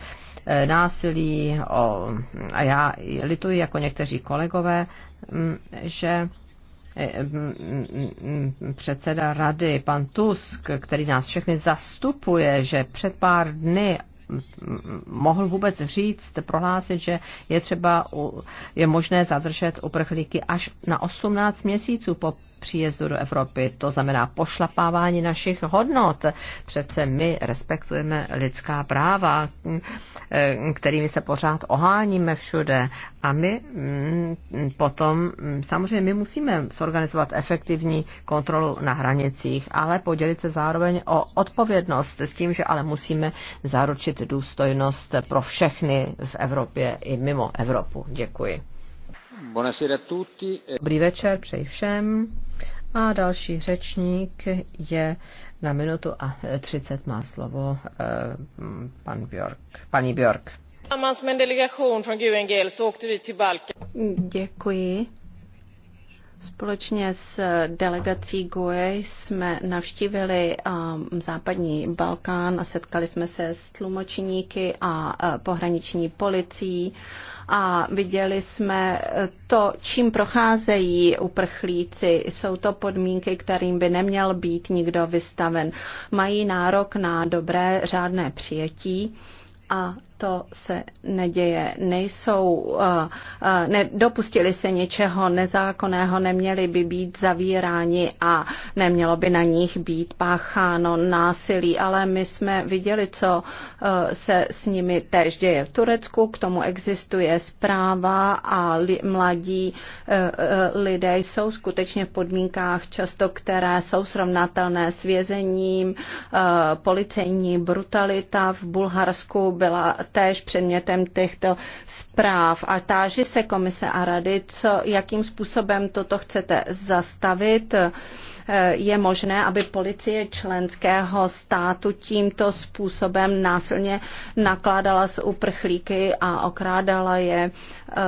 Eh, násilí. O, a já lituji jako někteří kolegové, mm, že eh, mm, mm, předseda rady, pan Tusk, který nás všechny zastupuje, že před pár dny mohl vůbec říct, prohlásit, že je třeba, je možné zadržet uprchlíky až na 18 měsíců po příjezdu do Evropy. To znamená pošlapávání našich hodnot. Přece my respektujeme lidská práva, eh, kterými se pořád oháníme všude. A my mm, potom, mm, samozřejmě my musíme zorganizovat efektivní kontrolu na hranicích, ale podělit se zároveň o odpovědnost s tím, že ale musíme zaručit důstojnost pro všechny v Evropě i mimo Evropu. Děkuji. Dobrý večer, přeji všem. A další řečník je na minutu a třicet má slovo eh, pan Björk, paní Björk. Děkuji. Společně s delegací GUE jsme navštívili um, západní Balkán a setkali jsme se s tlumočníky a eh, pohraniční policií a viděli jsme eh, to, čím procházejí uprchlíci. Jsou to podmínky, kterým by neměl být nikdo vystaven. Mají nárok na dobré řádné přijetí a to se neděje. Nejsou, eh, eh, nedopustili se něčeho nezákonného, neměli by být zavíráni a nemělo by na nich být pácháno násilí, ale my jsme viděli, co eh, se s nimi též děje v Turecku, k tomu existuje zpráva a li, mladí lidé jsou skutečně v podmínkách často, které jsou srovnatelné s vězením, policejní brutalita v Bulharsku byla též předmětem těchto zpráv. A táži se komise a rady, co, jakým způsobem toto chcete zastavit eh, je možné, aby policie členského státu tímto způsobem násilně nakládala s uprchlíky a okrádala je. Eh,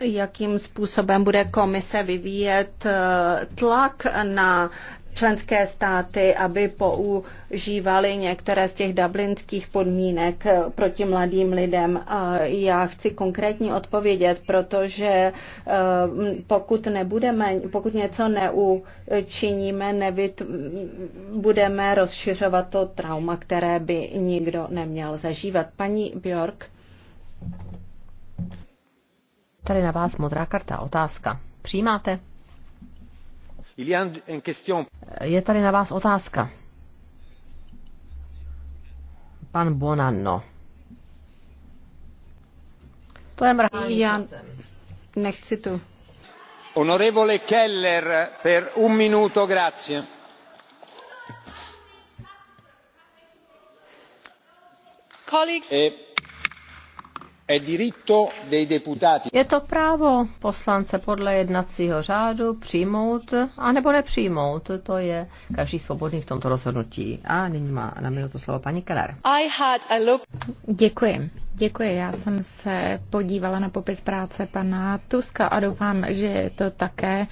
jakým způsobem bude komise vyvíjet eh, tlak na členské státy, aby používaly některé z těch dublinských podmínek proti mladým lidem. A já chci konkrétně odpovědět, protože eh, pokud, nebudeme, pokud něco neučiníme, nevyt, budeme rozšiřovat to trauma, které by nikdo neměl zažívat. Paní Bjork. Tady na vás modrá karta, otázka. Přijímáte? Je tady na vás otázka. Pan Bonanno. To je mrhání. Já nechci tu. Honorevole Keller, per un minuto, grazie. Colleagues. Eh, je to právo poslance podle jednacího řádu přijmout a nebo nepřijmout. To je každý svobodný v tomto rozhodnutí. A nyní má na To slovo paní Keller. Děkuji. Děkuji. Já jsem se podívala na popis práce pana Tuska a doufám, že je to také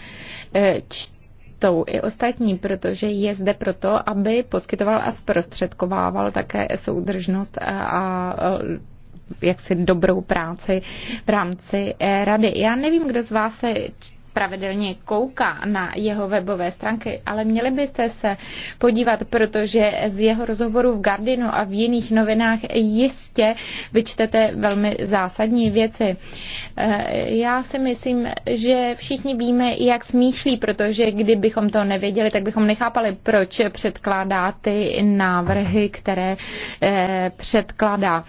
e, čtou i ostatní, protože je zde proto, aby poskytoval a zprostředkovával také soudržnost a jaksi dobrou práci v rámci eh, rady. Já nevím, kdo z vás se pravidelně kouká na jeho webové stránky, ale měli byste se podívat, protože z jeho rozhovoru v Gardinu a v jiných novinách jistě vyčtete velmi zásadní věci. Eh, já si myslím, že všichni víme, jak smýšlí, protože kdybychom to nevěděli, tak bychom nechápali, proč předkládá ty návrhy, které eh, předkládá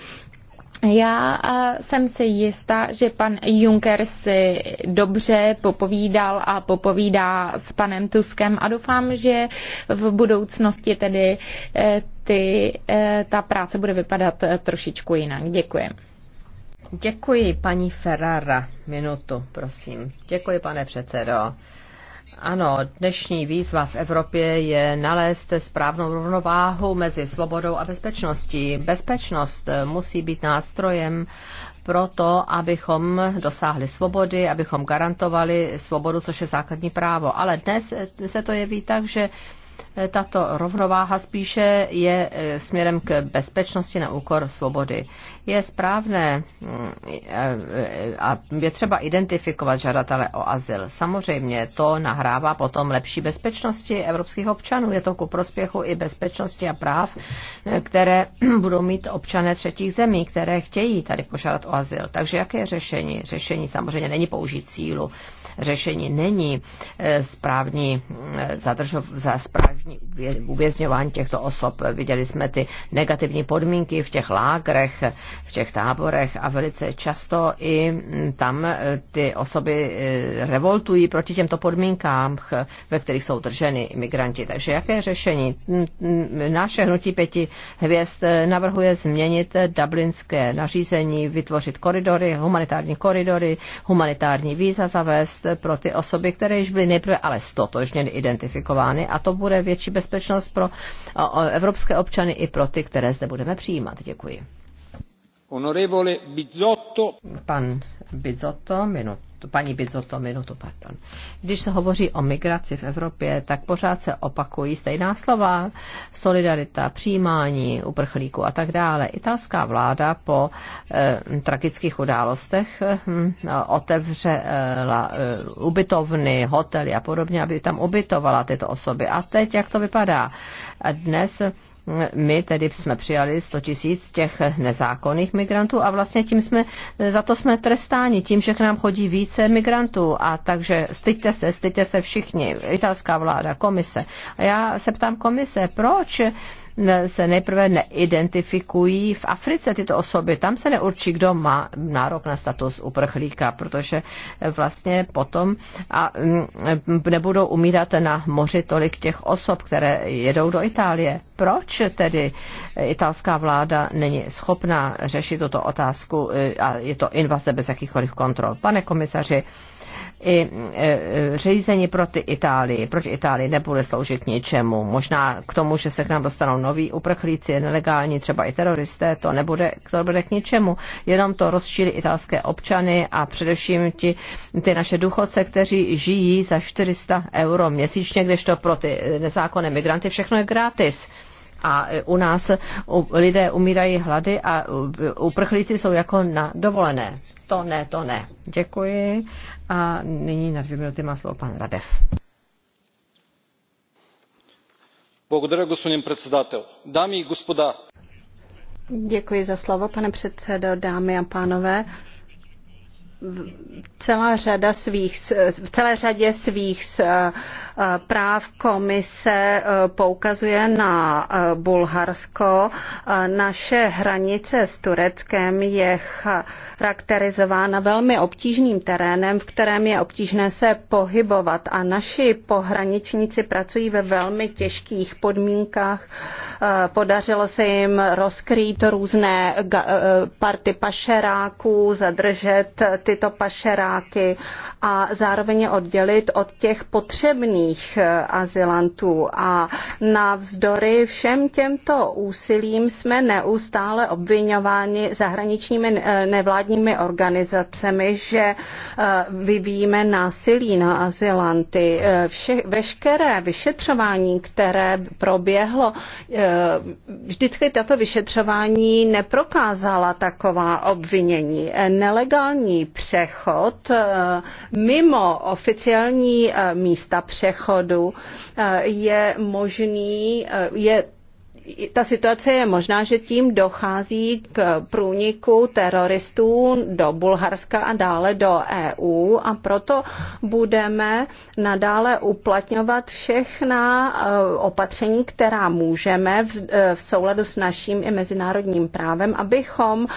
já eh, jsem si jistá, že pan Juncker si dobře popovídal a popovídá s panem Tuskem a doufám, že v budoucnosti tedy eh, ty, eh, ta práce bude vypadat trošičku jinak. Děkuji. Děkuji, paní Ferrara. Minutu, prosím. Děkuji, pane předsedo. Ano, dnešní výzva v Evropě je nalézt správnou rovnováhu mezi svobodou a bezpečností. Bezpečnost musí být nástrojem pro to, abychom dosáhli svobody, abychom garantovali svobodu, což je základní právo. Ale dnes se to jeví tak, že tato rovnováha spíše je e, směrem k bezpečnosti na úkor svobody. Je správné mm, e, e, a je třeba identifikovat žadatele o azyl. Samozřejmě to nahrává potom lepší bezpečnosti evropských občanů. Je to ku prospěchu i bezpečnosti a práv, které budou mít občané třetích zemí, které chtějí tady požádat o azyl. Takže jaké je řešení? Řešení samozřejmě není použít sílu. Řešení není správní mm, zadržov, za správní kolektivní uvězňování těchto osob. Viděli jsme ty negativní podmínky v těch lágrech, v těch táborech a velice často i mm, tam e, ty osoby e, revoltují proti těmto podmínkám, ve kterých jsou drženy imigranti. Takže jaké řešení? Mm, mm, naše hnutí pěti hvězd e, navrhuje změnit dublinské nařízení, vytvořit koridory, humanitární koridory, humanitární víza zavést pro ty osoby, které již byly nejprve ale stotožněny, identifikovány a to bude větší větší bezpečnost pro evropské občany i pro ty, které zde budeme přijímat. Děkuji. Honorevole Bizotto. Pan Bizotto, minuta. Bizoto, paní Bizoto, minutu, pardon. Když se hovoří o migraci v Evropě, tak pořád se opakují stejná slova, solidarita, přijímání uprchlíků a tak dále. Italská vláda po eh, tragických událostech hm, otevřela eh, ubytovny, hotely a podobně, aby tam ubytovala tyto osoby. A teď, jak to vypadá? Dnes my tedy jsme přijali 100 tisíc těch nezákonných migrantů a vlastně tím jsme, za to jsme trestáni, tím, že k nám chodí více migrantů a takže styďte se, styďte se všichni, italská vláda, komise. A já se ptám komise, proč se nejprve neidentifikují v Africe tyto osoby. Tam se neurčí, kdo má nárok na status uprchlíka, protože vlastně potom a mm, nebudou umírat na moři tolik těch osob, které jedou do Itálie. Proč tedy italská vláda není schopná řešit tuto otázku e, a je to invaze bez jakýchkoliv kontrol? Pane komisaři, i e, e, řízení proti Itálii, proč Itálii nebude sloužit k ničemu. Možná k tomu, že se k nám dostanou noví uprchlíci, nelegální, třeba i teroristé, to nebude, to bude k ničemu. Jenom to rozšíří italské občany a především ti, ty naše důchodce, kteří žijí za 400 euro měsíčně, kdežto pro ty nezákonné migranty všechno je gratis a u nás lidé umírají hlady a uprchlíci jsou jako na dovolené. To ne, to ne. Děkuji. A nyní na dvě minuty má slovo pan Radev. Děkuji za slovo, pane předsedo, dámy a pánové v celá řada svých, v celé řadě svých práv komise eh, poukazuje na eh, Bulharsko. Eh, naše hranice s Tureckem je charakterizována velmi obtížným terénem, v kterém je obtížné se pohybovat a naši pohraničníci pracují ve velmi těžkých podmínkách. Podařilo se jim rozkrýt různé party pašeráků, zadržet tyto pašeráky a zároveň oddělit od těch potřebných nelegálních eh, azylantů. A navzdory všem těmto úsilím jsme neustále obvinováni zahraničními eh, nevládními organizacemi, že eh, vyvíjíme násilí na azylanty. Vše, veškeré vyšetřování, které proběhlo, vždycky tato vyšetřování neprokázala taková obvinění. Nelegální přechod mimo oficiální místa přechodu přechodu eh, je možný, eh, je ta situace je možná, že tím dochází k průniku teroristů do Bulharska a dále do EU a proto budeme nadále uplatňovat všechna eh, opatření, která můžeme v souladu s naším i mezinárodním právem, abychom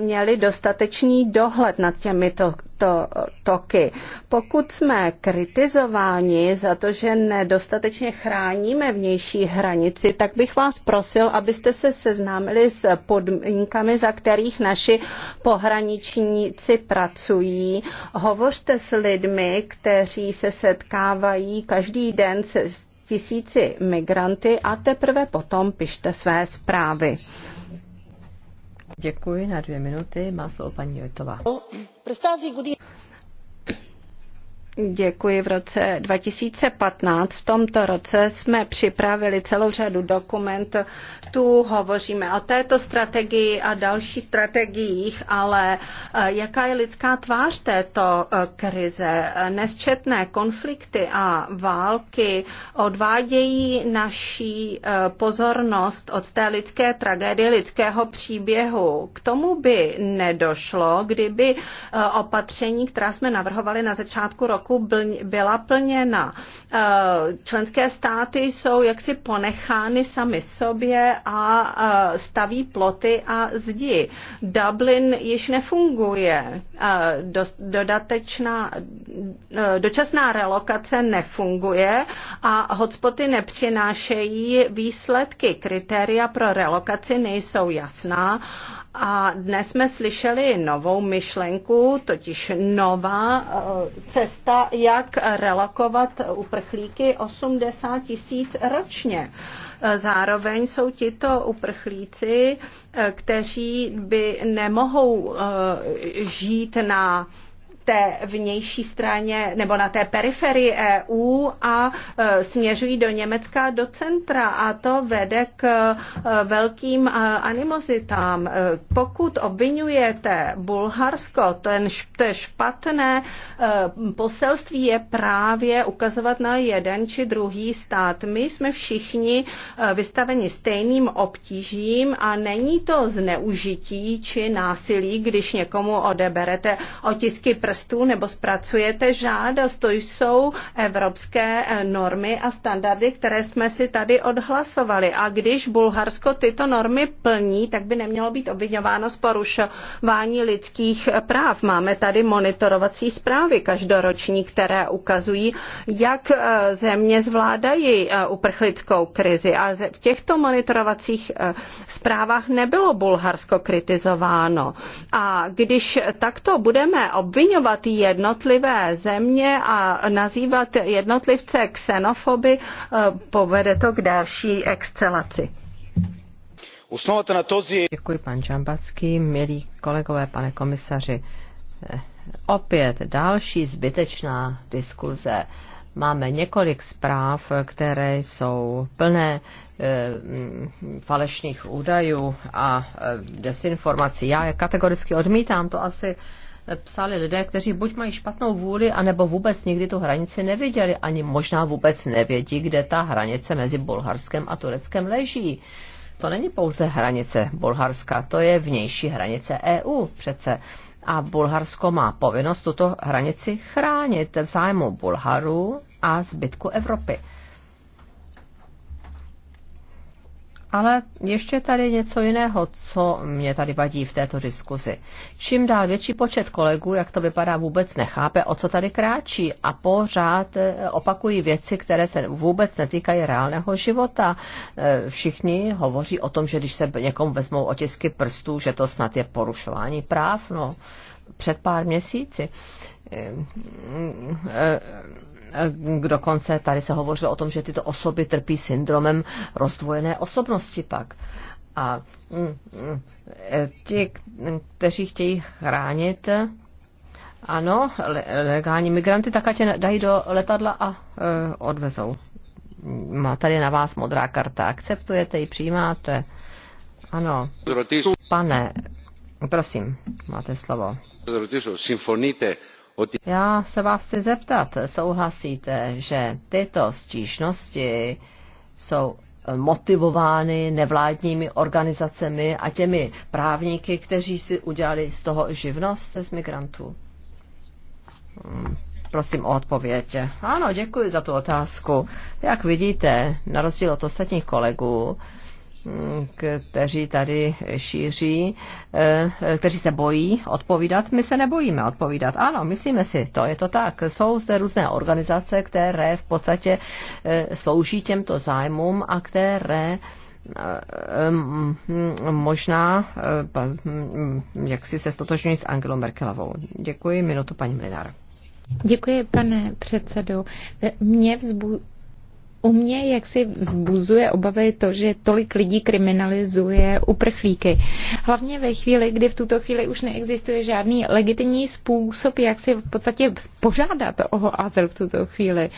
měli dostatečný dohled nad těmito to, toky. Pokud jsme kritizováni za to, že nedostatečně chráníme vnější hranici, tak bych vás prosil, abyste se seznámili s podmínkami, za kterých naši pohraničníci pracují. Hovořte s lidmi, kteří se setkávají každý den se tisíci migranty a teprve potom pište své zprávy. Děkuji, na dvě minuty má slovo paní Jojtová. Děkuji. V roce 2015, v tomto roce, jsme připravili celou řadu dokumentů projektů, hovoříme o této strategii a další strategiích, ale eh, jaká je lidská tvář této eh, krize? Nesčetné konflikty a války odvádějí naší eh, pozornost od té lidské tragédie, lidského příběhu. K tomu by nedošlo, kdyby opatření, která jsme navrhovali na začátku roku, byla plněna. Členské státy jsou jaksi ponechány sami sobě a staví ploty a zdi. Dublin již nefunguje. Dodatečná, e, dočasná relokace nefunguje a hotspoty nepřinášejí výsledky. Kritéria pro relokaci nejsou jasná. A dnes jsme slyšeli novou myšlenku, totiž nová e, cesta, jak relokovat uprchlíky 80 tisíc ročně. Zároveň jsou tito uprchlíci, eh, kteří by nemohou eh, žít na té vnější straně nebo na té periferii EU a e, směřují do Německa do centra a to vede k e, velkým e, animozitám. Pokud obvinujete Bulharsko, ten, to je špatné poselství je právě ukazovat na jeden či druhý stát. My jsme všichni vystaveni stejným obtížím a není to zneužití či násilí, když někomu odeberete otisky prstů stůl nebo zpracujete žádost. To jsou evropské eh, normy a standardy, které jsme si tady odhlasovali. A když Bulharsko tyto normy plní, tak by nemělo být obvinováno z porušování lidských eh, práv. Máme tady monitorovací zprávy každoroční, které ukazují, jak eh, země zvládají uprchlickou krizi. A v těchto monitorovacích zprávách nebylo Bulharsko kritizováno. A když takto budeme obvinovat kritizovat jednotlivé země a nazývat jednotlivce xenofoby, eh, povede to k další excelaci. Děkuji, pan Čambacký, Milí kolegové, pane komisaři, eh, opět další zbytečná diskuze. Máme několik zpráv, které jsou plné e, falešných údajů a e, desinformací. Já je kategoricky odmítám, to asi psali lidé, kteří buď mají špatnou vůli, anebo vůbec nikdy tu hranici neviděli, ani možná vůbec nevědí, kde ta hranice mezi Bulharskem a Tureckem leží. To není pouze hranice Bulharska, to je vnější hranice EU přece. A Bulharsko má povinnost tuto hranici chránit v zájmu Bulharů a zbytku Evropy. Ale ještě tady něco jiného, co mě tady vadí v této diskuzi. Čím dál větší počet kolegů, jak to vypadá, vůbec nechápe, o co tady kráčí a pořád eh, opakují věci, které se vůbec netýkají reálného života. Eh, všichni hovoří o tom, že když se někomu vezmou otisky prstů, že to snad je porušování práv. No před pár měsíci dokonce tady se hovořilo o tom, že tyto osoby trpí syndromem rozdvojené osobnosti pak. A mm, mm, ti, kteří chtějí chránit ano, legální migranty, tak ať tě dají do letadla a eh, odvezou. Má tady na vás modrá karta. Akceptujete ji, přijímáte? Ano. Pane, prosím, máte slovo. Já se vás chci zeptat, souhlasíte, že tyto stížnosti jsou eh, motivovány nevládními organizacemi a těmi právníky, kteří si udělali z toho živnost z migrantů? Hmm, prosím o odpověď. Ano, děkuji za tu otázku. Jak vidíte, na rozdíl od ostatních kolegů, kteří tady šíří, eh, kteří se bojí odpovídat. My se nebojíme odpovídat. Ano, myslíme si, to je to tak. Jsou zde různé organizace, které v podstatě eh, slouží těmto zájmům a které eh, možná hm, jak si se stotožňují s Angelou Merkelovou. Děkuji, minutu paní Mlinár. Děkuji, pane předsedu. Mě vzbu, u mě jak si vzbuzuje obavy to, že tolik lidí kriminalizuje uprchlíky. Hlavně ve chvíli, kdy v tuto chvíli už neexistuje žádný legitimní způsob, jak si v podstatě požádat o azyl v tuto chvíli.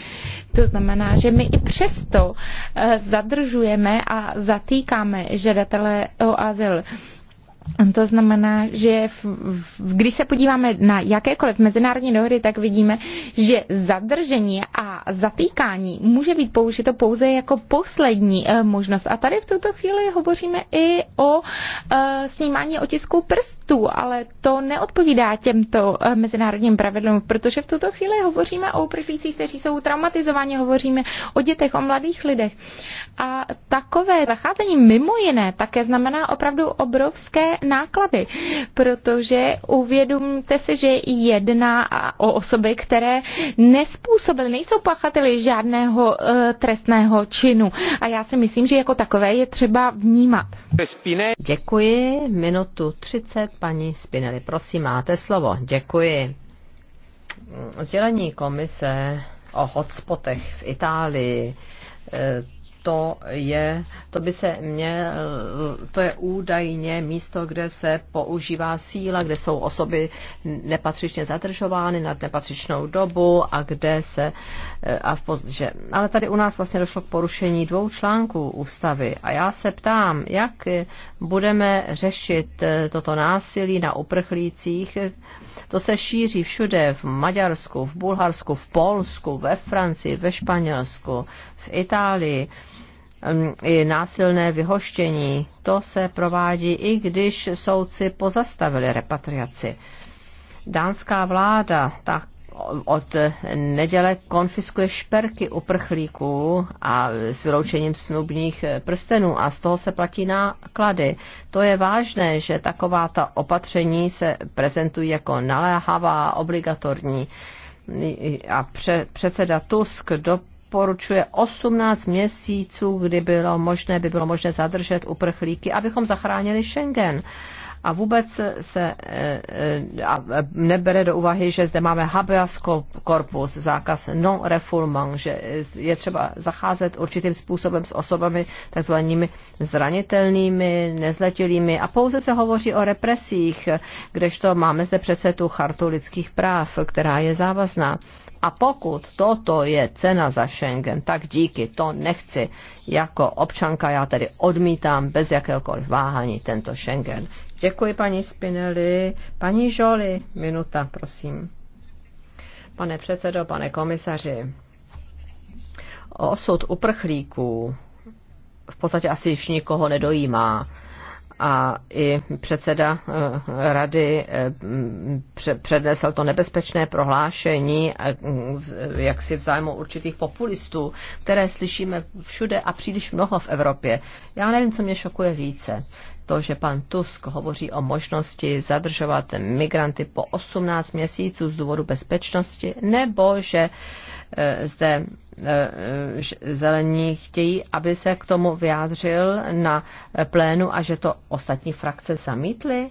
To znamená, že my i přesto eh, zadržujeme a zatýkáme žadatele o azyl. To znamená, že v, v, když se podíváme na jakékoliv mezinárodní dohody, tak vidíme, že zadržení a zatýkání může být použito pouze jako poslední e, možnost. A tady v tuto chvíli hovoříme i o e, snímání otisků prstů, ale to neodpovídá těmto e, mezinárodním pravidlům, protože v tuto chvíli hovoříme o uprchlících, kteří jsou traumatizováni, hovoříme o dětech, o mladých lidech. A takové zacházení mimo jiné také znamená opravdu obrovské náklady, protože uvědomte si, že jedná o osoby, které nespůsobily, nejsou pachateli žádného eh, trestného činu. A já si myslím, že jako takové je třeba vnímat. Děkuji. Minutu 30, paní Spinelli. Prosím, máte slovo. Děkuji. Sdělení komise o hotspotech v Itálii eh, to je, to by se mě, to je údajně místo, kde se používá síla, kde jsou osoby nepatřičně zadržovány na nepatřičnou dobu a kde se, eh, a v že, ale tady u nás vlastně došlo k porušení dvou článků ústavy a já se ptám, jak budeme řešit eh, toto násilí na uprchlících, to se šíří všude, v Maďarsku, v Bulharsku, v Polsku, ve Francii, ve Španělsku, v Itálii, i násilné vyhoštění. To se provádí i když soudci pozastavili repatriaci. Dánská vláda tak od neděle konfiskuje šperky uprchlíků a s vyloučením snubních prstenů a z toho se platí náklady. To je vážné, že taková ta opatření se prezentují jako naléhavá, obligatorní. A pře- předseda Tusk do- doporučuje 18 měsíců, kdy bylo možné, by bylo možné zadržet uprchlíky, abychom zachránili Schengen. A vůbec se eh, eh, a eh, nebere do úvahy, že zde máme habeas corpus, zákaz non-refoulement, že je třeba zacházet určitým způsobem s osobami takzvanými zranitelnými, nezletilými a pouze se hovoří o represích, kdežto máme zde přece tu chartu lidských práv, která je závazná. A pokud toto je cena za Schengen, tak díky, to nechci. Jako občanka já tedy odmítám bez jakéhokoliv váhání tento Schengen. Děkuji paní Spinelli. Paní Žoli, minuta, prosím. Pane předsedo, pane komisaři, osud uprchlíků v podstatě asi již nikoho nedojímá a i předseda eh, rady eh, přednesl to nebezpečné prohlášení, eh, jak si v zájmu určitých populistů, které slyšíme všude a příliš mnoho v Evropě. Já nevím, co mě šokuje více to, že pan Tusk hovoří o možnosti zadržovat migranty po 18 měsíců z důvodu bezpečnosti, nebo že e, zde e, e, zelení chtějí, aby se k tomu vyjádřil na plénu a že to ostatní frakce zamítly,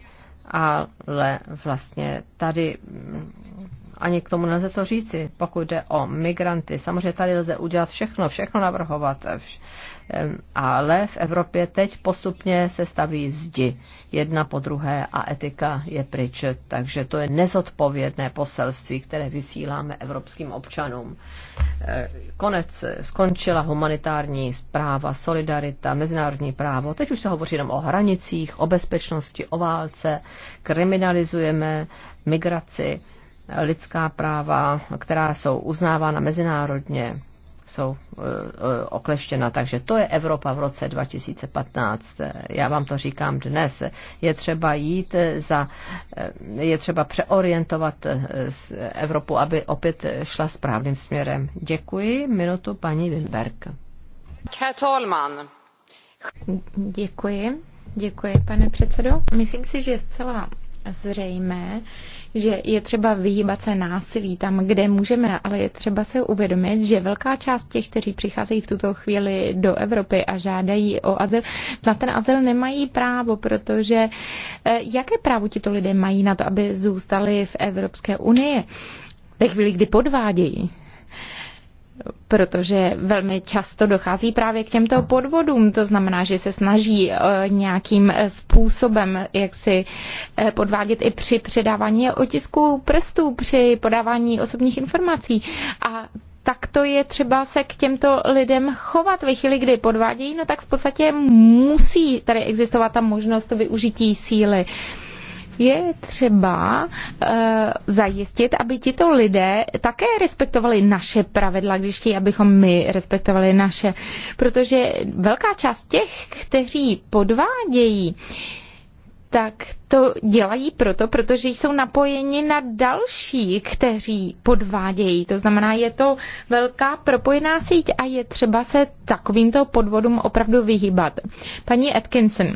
ale vlastně tady ani k tomu nelze co říci, pokud jde o migranty. Samozřejmě tady lze udělat všechno, všechno navrhovat, ale v Evropě teď postupně se staví zdi jedna po druhé a etika je pryč, takže to je nezodpovědné poselství, které vysíláme evropským občanům. E, konec, skončila humanitární zpráva, solidarita, mezinárodní právo. Teď už se hovoří jenom o hranicích, o bezpečnosti, o válce, kriminalizujeme migraci lidská práva, která jsou uznávána mezinárodně, jsou e, e, okleštěna. Takže to je Evropa v roce 2015. Já vám to říkám dnes. Je třeba jít za, e, je třeba přeorientovat Evropu, aby opět šla správným směrem. Děkuji. Minutu paní Wimberg. Herr Děkuji. Děkuji, pane předsedo. Myslím si, že je zcela zřejmé, že je třeba vyhýbat se násilí tam, kde můžeme, ale je třeba se uvědomit, že velká část těch, kteří přicházejí v tuto chvíli do Evropy a žádají o azyl, na ten azyl nemají právo, protože eh, jaké právo tito lidé mají na to, aby zůstali v Evropské unii? Ve chvíli, kdy podvádějí, protože velmi často dochází právě k těmto podvodům. To znamená, že se snaží eh, nějakým eh, způsobem, jak si eh, podvádět i při předávání otisků prstů, při podávání osobních informací. A tak to je třeba se k těmto lidem chovat ve chvíli, kdy podvádějí, no tak v podstatě musí tady existovat ta možnost využití síly. Uh, je třeba uh, zajistit, aby tito lidé také respektovali naše pravidla, když chtějí, abychom my respektovali naše. Protože velká část těch, kteří podvádějí, tak to dělají proto, protože jsou napojeni na další, kteří podvádějí. To znamená, je to velká propojená síť a je třeba se takovýmto podvodům opravdu vyhýbat. Paní Atkinson,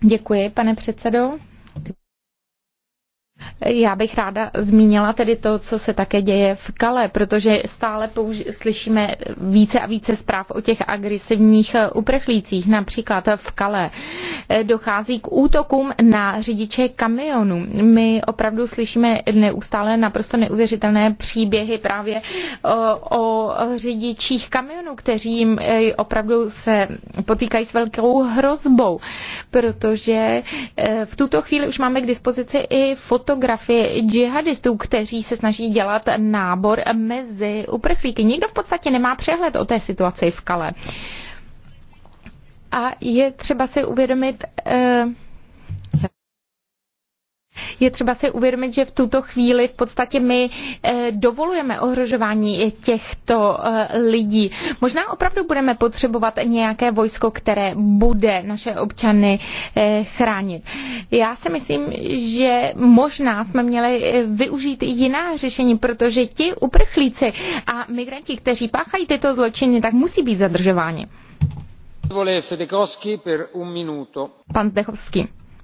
děkuji, pane předsedo. Já bych ráda zmínila tedy to, co se také děje v Kale, protože stále použi- slyšíme více a více zpráv o těch agresivních uprchlících. Například v Kale dochází k útokům na řidiče kamionů. My opravdu slyšíme neustále naprosto neuvěřitelné příběhy právě o, o řidičích kamionů, kteří jim e, opravdu se potýkají s velkou hrozbou, protože e, v tuto chvíli už máme k dispozici i foto fotografie džihadistů, kteří se snaží dělat nábor mezi uprchlíky. Nikdo v podstatě nemá přehled o té situaci v Kale. A je třeba si uvědomit, eh, je třeba si uvědomit, že v tuto chvíli v podstatě my eh, dovolujeme ohrožování těchto eh, lidí. Možná opravdu budeme potřebovat nějaké vojsko, které bude naše občany eh, chránit. Já si myslím, že možná jsme měli využít jiná řešení, protože ti uprchlíci a migranti, kteří páchají tyto zločiny, tak musí být zadržováni. Pan Zdechovský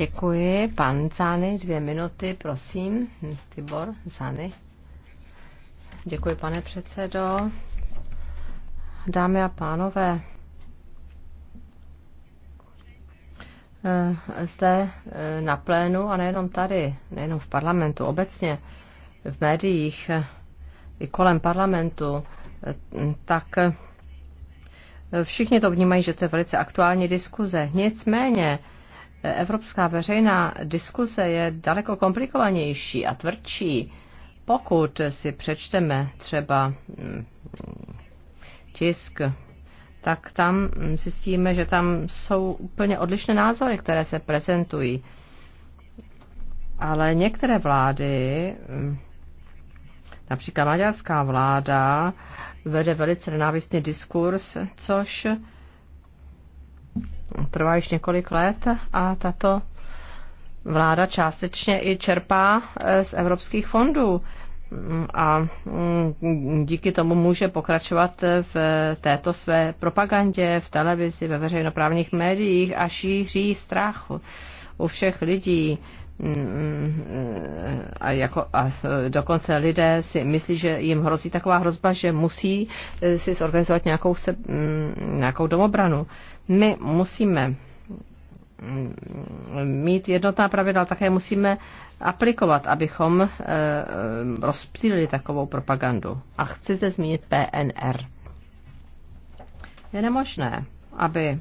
Děkuji. Pan Zány, dvě minuty, prosím. Tibor Zány. Děkuji, pane předsedo. Dámy a pánové, eh, zde eh, na plénu a nejenom tady, nejenom v parlamentu, obecně v médiích eh, i kolem parlamentu, tak všichni to vnímají, že to je velice aktuální diskuze. Nicméně, evropská veřejná diskuse je daleko komplikovanější a tvrdší. Pokud si přečteme třeba mm, tisk, tak tam zjistíme, že tam jsou úplně odlišné názory, které se prezentují. Ale některé vlády, mm, například maďarská vláda, vede velice nenávistný diskurs, což trvá již několik let a tato vláda částečně i čerpá e, z evropských fondů mm, a mm, díky tomu může pokračovat v této své propagandě v televizi, ve veřejnoprávních médiích a šíří strach u všech lidí a, jako, a eh, dokonce lidé si myslí, že jim hrozí taková hrozba, že musí eh, si zorganizovat nějakou, se, mm, nějakou domobranu. My musíme mm, mít jednotná pravidla, také musíme aplikovat, abychom eh, rozptýlili takovou propagandu. A chci zde zmínit PNR. Je nemožné, aby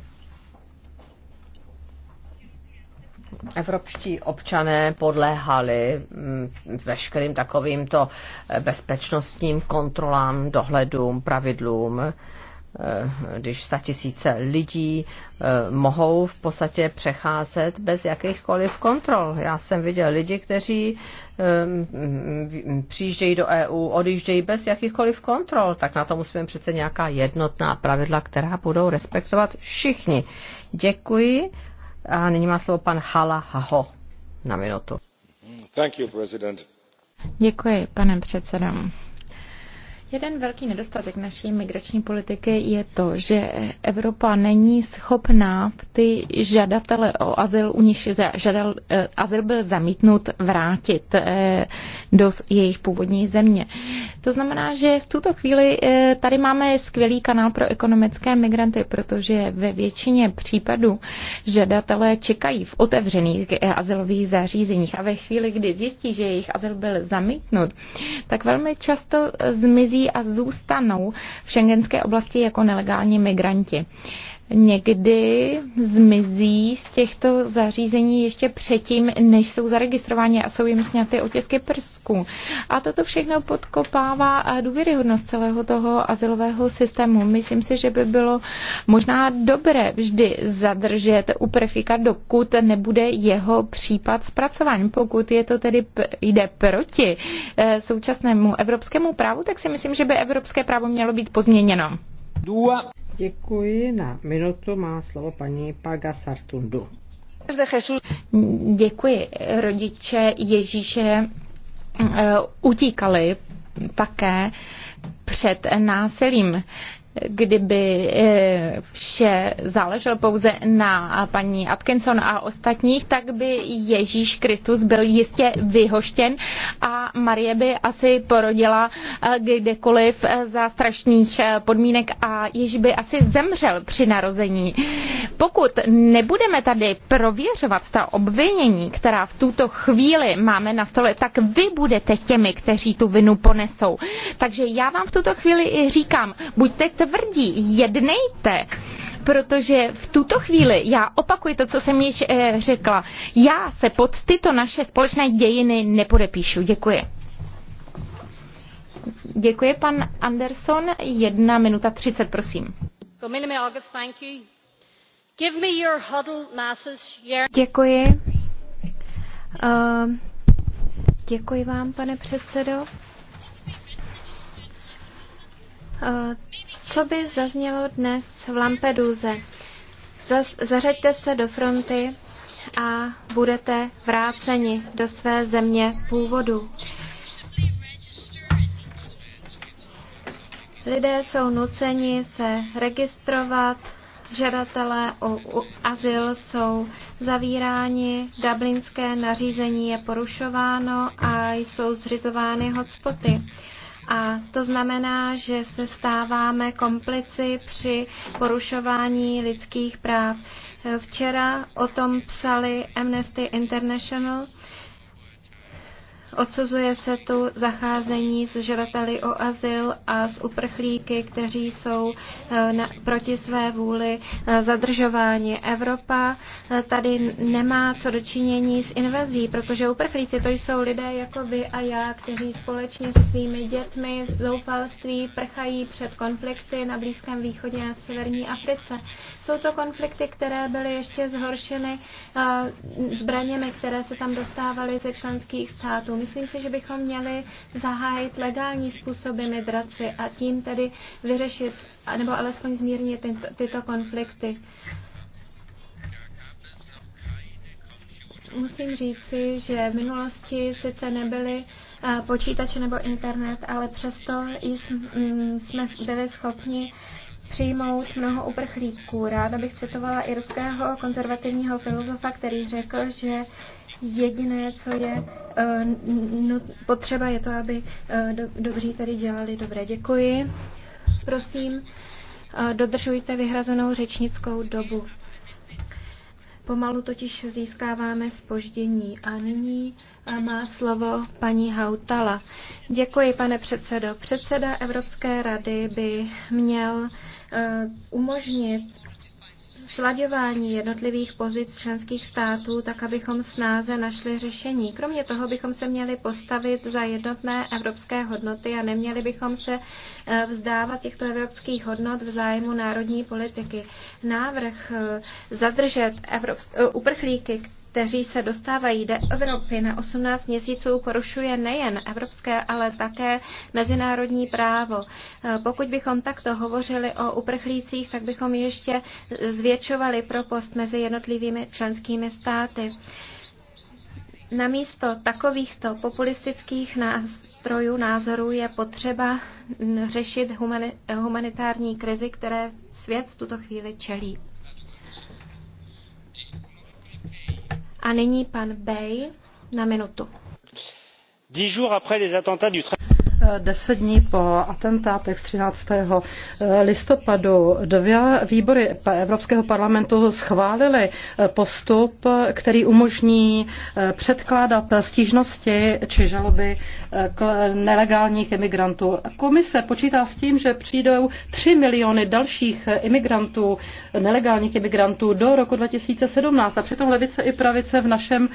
evropští občané podléhali mm, veškerým takovýmto eh, bezpečnostním kontrolám, dohledům, pravidlům, eh, když sta tisíce lidí eh, mohou v podstatě přecházet bez jakýchkoliv kontrol. Já jsem viděl lidi, kteří přijíždějí do EU, odjíždějí bez jakýchkoliv kontrol, tak na to musíme přece nějaká jednotná pravidla, která budou respektovat všichni. Děkuji. A nyní má slovo pan Hala Haho na minutu. Děkuji, pane předsedo. Jeden velký nedostatek naší migrační politiky je to, že Evropa není schopná ty žadatele o azyl, u nich žadal, eh, azyl byl zamítnut, vrátit eh, do jejich původní země. To znamená, že v tuto chvíli eh, tady máme skvělý kanál pro ekonomické migranty, protože ve většině případů žadatelé čekají v otevřených azylových zařízeních a ve chvíli, kdy zjistí, že jejich azyl byl zamítnut, tak velmi často zmizí a zůstanou v šengenské oblasti jako nelegální migranti někdy zmizí z těchto zařízení ještě předtím, než jsou zaregistrováni a jsou jim sněty otisky prsků. A toto všechno podkopává důvěryhodnost celého toho asilového systému. Myslím si, že by bylo možná dobré vždy zadržet uprchlíka, dokud nebude jeho případ zpracován. Pokud je to tedy jde proti eh, současnému evropskému právu, tak si myslím, že by evropské právo mělo být pozměněno. Dua. Děkuji. Na minutu má slovo paní Paga Sartundu. Děkuji. Rodiče Ježíše eh, utíkali také před násilím kdyby eh, vše záleželo pouze na paní Atkinson a ostatních, tak by Ježíš Kristus byl jistě vyhoštěn a Marie by asi porodila eh, kdekoliv eh, za strašných podmínek a již by asi zemřel při narození. Pokud nebudeme tady prověřovat ta obvinění, která v tuto chvíli máme na stole, tak vy budete těmi, kteří tu vinu ponesou. Takže já vám v tuto chvíli i říkám, buďte tvrdí, jednejte, protože v tuto chvíli, já opakuji to, co jsem již eh, řekla, já se pod tyto naše společné dějiny nepodepíšu. Děkuji. Děkuji, pan Anderson. Jedna minuta třicet, prosím. Děkuji. Uh, děkuji vám, pane předsedo co by zaznělo dnes v Lampeduze? Zařaďte se do fronty a budete vráceni do své země původu. Lidé jsou nuceni se registrovat, žadatelé o azyl jsou zavíráni, dublinské nařízení je porušováno a jsou zřizovány hotspoty. A to znamená, že se stáváme komplici při porušování lidských práv. Včera o tom psali Amnesty International. Odsuzuje se tu zacházení s žadateli o azyl a s uprchlíky, kteří jsou eh, na, proti své vůli eh, zadržováni. Evropa eh, tady nemá co dočinění s invazí, protože uprchlíci to jsou lidé jako vy a já, kteří společně se svými dětmi v zoufalství prchají před konflikty na Blízkém východě a v severní Africe. Jsou to konflikty, které byly ještě zhoršeny zbraněmi, které se tam dostávaly ze členských států. Myslím si, že bychom měli zahájit legální způsoby migraci a tím tedy vyřešit nebo alespoň zmírnit tyto, tyto konflikty. Musím říci, že v minulosti sice nebyly eh, počítače nebo internet, ale přesto mm, jsme byli schopni přijmout mnoho uprchlíků. Ráda bych citovala irského konzervativního filozofa, který řekl, že Jediné, co je eh, no, potřeba, je to, aby eh, do, dobří tady dělali dobré. Děkuji. Prosím, eh, dodržujte vyhrazenou řečnickou dobu. Pomalu totiž získáváme spoždění. A nyní má slovo paní Hautala. Děkuji, pane předsedo. Předseda Evropské rady by měl umožnit slaďování jednotlivých pozic členských států, tak abychom snáze našli řešení. Kromě toho bychom se měli postavit za jednotné evropské hodnoty a neměli bychom se eh, vzdávat těchto evropských hodnot v zájmu národní politiky. Návrh eh, zadržet evropské, eh, uprchlíky, kteří se dostávají do Evropy na 18 měsíců, porušuje nejen evropské, ale také mezinárodní právo. Eh, pokud bychom takto hovořili o uprchlících, tak bychom ještě zvětšovali propost mezi jednotlivými členskými státy. Namísto takovýchto populistických nástrojů, názorů je potřeba řešit humanitární krizi, které svět v tuto chvíli čelí. A nyní pan Bay na minutu. Deset dní po atentátech z 13. Eh, listopadu dvě výbory Evropského parlamentu schválily eh, postup, který umožní eh, předkládat stížnosti či žaloby k nelegálních imigrantů. Komise počítá s tím, že přijdou 3 miliony dalších imigrantů, nelegálních imigrantů do roku 2017. A přitom levice i pravice v našem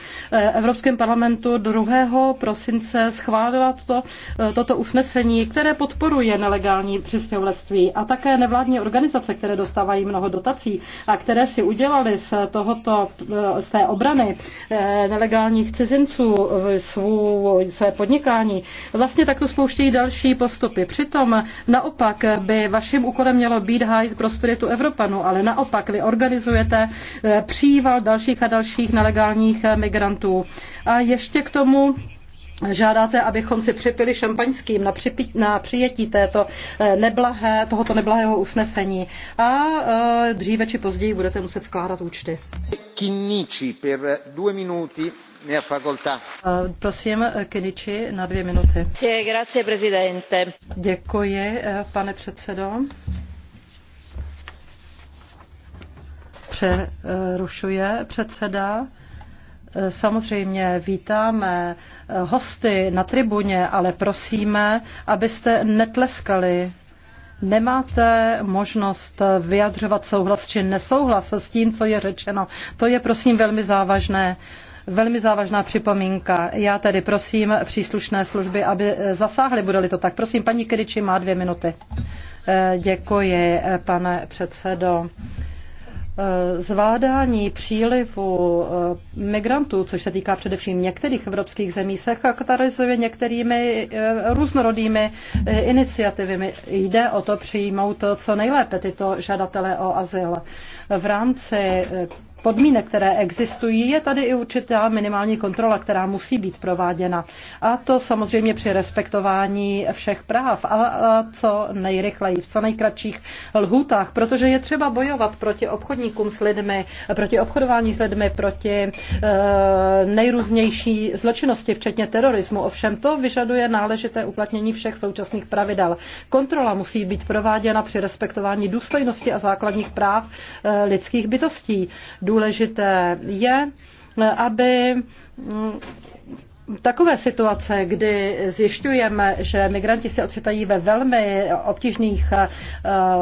Evropském parlamentu 2. prosince schválila toto, toto toto usnesení, které podporuje nelegální přistěhovalectví a také nevládní organizace, které dostávají mnoho dotací a které si udělali z, tohoto, eh, z té obrany eh, nelegálních cizinců svů, své podnikání, vlastně takto spouštějí další postupy. Přitom naopak by vaším úkolem mělo být hájit prosperitu Evropanů, ale naopak vy organizujete eh, příval dalších a dalších nelegálních migrantů. A ještě k tomu žádáte, abychom si připili šampaňským na, připi, na přijetí této eh, neblahé, tohoto neblahého usnesení a e, dříve či později budete muset skládat účty. Kiníči, per dvě minuty, eh, Prosím, Kiniči, na dvě minuty. Děkuji, pane předsedo. Přerušuje předseda. Samozřejmě vítáme eh, hosty na tribuně, ale prosíme, abyste netleskali. Nemáte možnost vyjadřovat souhlas či nesouhlas s tím, co je řečeno. To je prosím velmi závažné. Velmi závažná připomínka. Já tedy prosím příslušné služby, aby eh, zasáhly, bude-li to tak. Prosím, paní Kryči má dvě minuty. Eh, děkuji, pane předsedo. Eh, zvládání přílivu eh, migrantů, což se týká především některých evropských zemí, se charakterizuje některými eh, různorodými iniciativami. Jde o to přijmout co nejlépe tyto žadatele o azyl. V rámci podmínek, které existují, je tady i určitá minimální kontrola, která musí být prováděna. A to samozřejmě při respektování všech práv a co nejrychleji, v co nejkratších lhůtách, protože je třeba bojovat proti obchodníkům s lidmi, proti obchodování s lidmi, proti eh, nejrůznější zločinnosti, včetně terorismu. Ovšem to vyžaduje náležité uplatnění všech současných pravidel. Kontrola musí být prováděna při respektování důstojnosti a základních práv eh, lidských bytostí důležité je, aby mm, takové situace, kdy zjišťujeme, že migranti se ocitají ve velmi obtížných eh,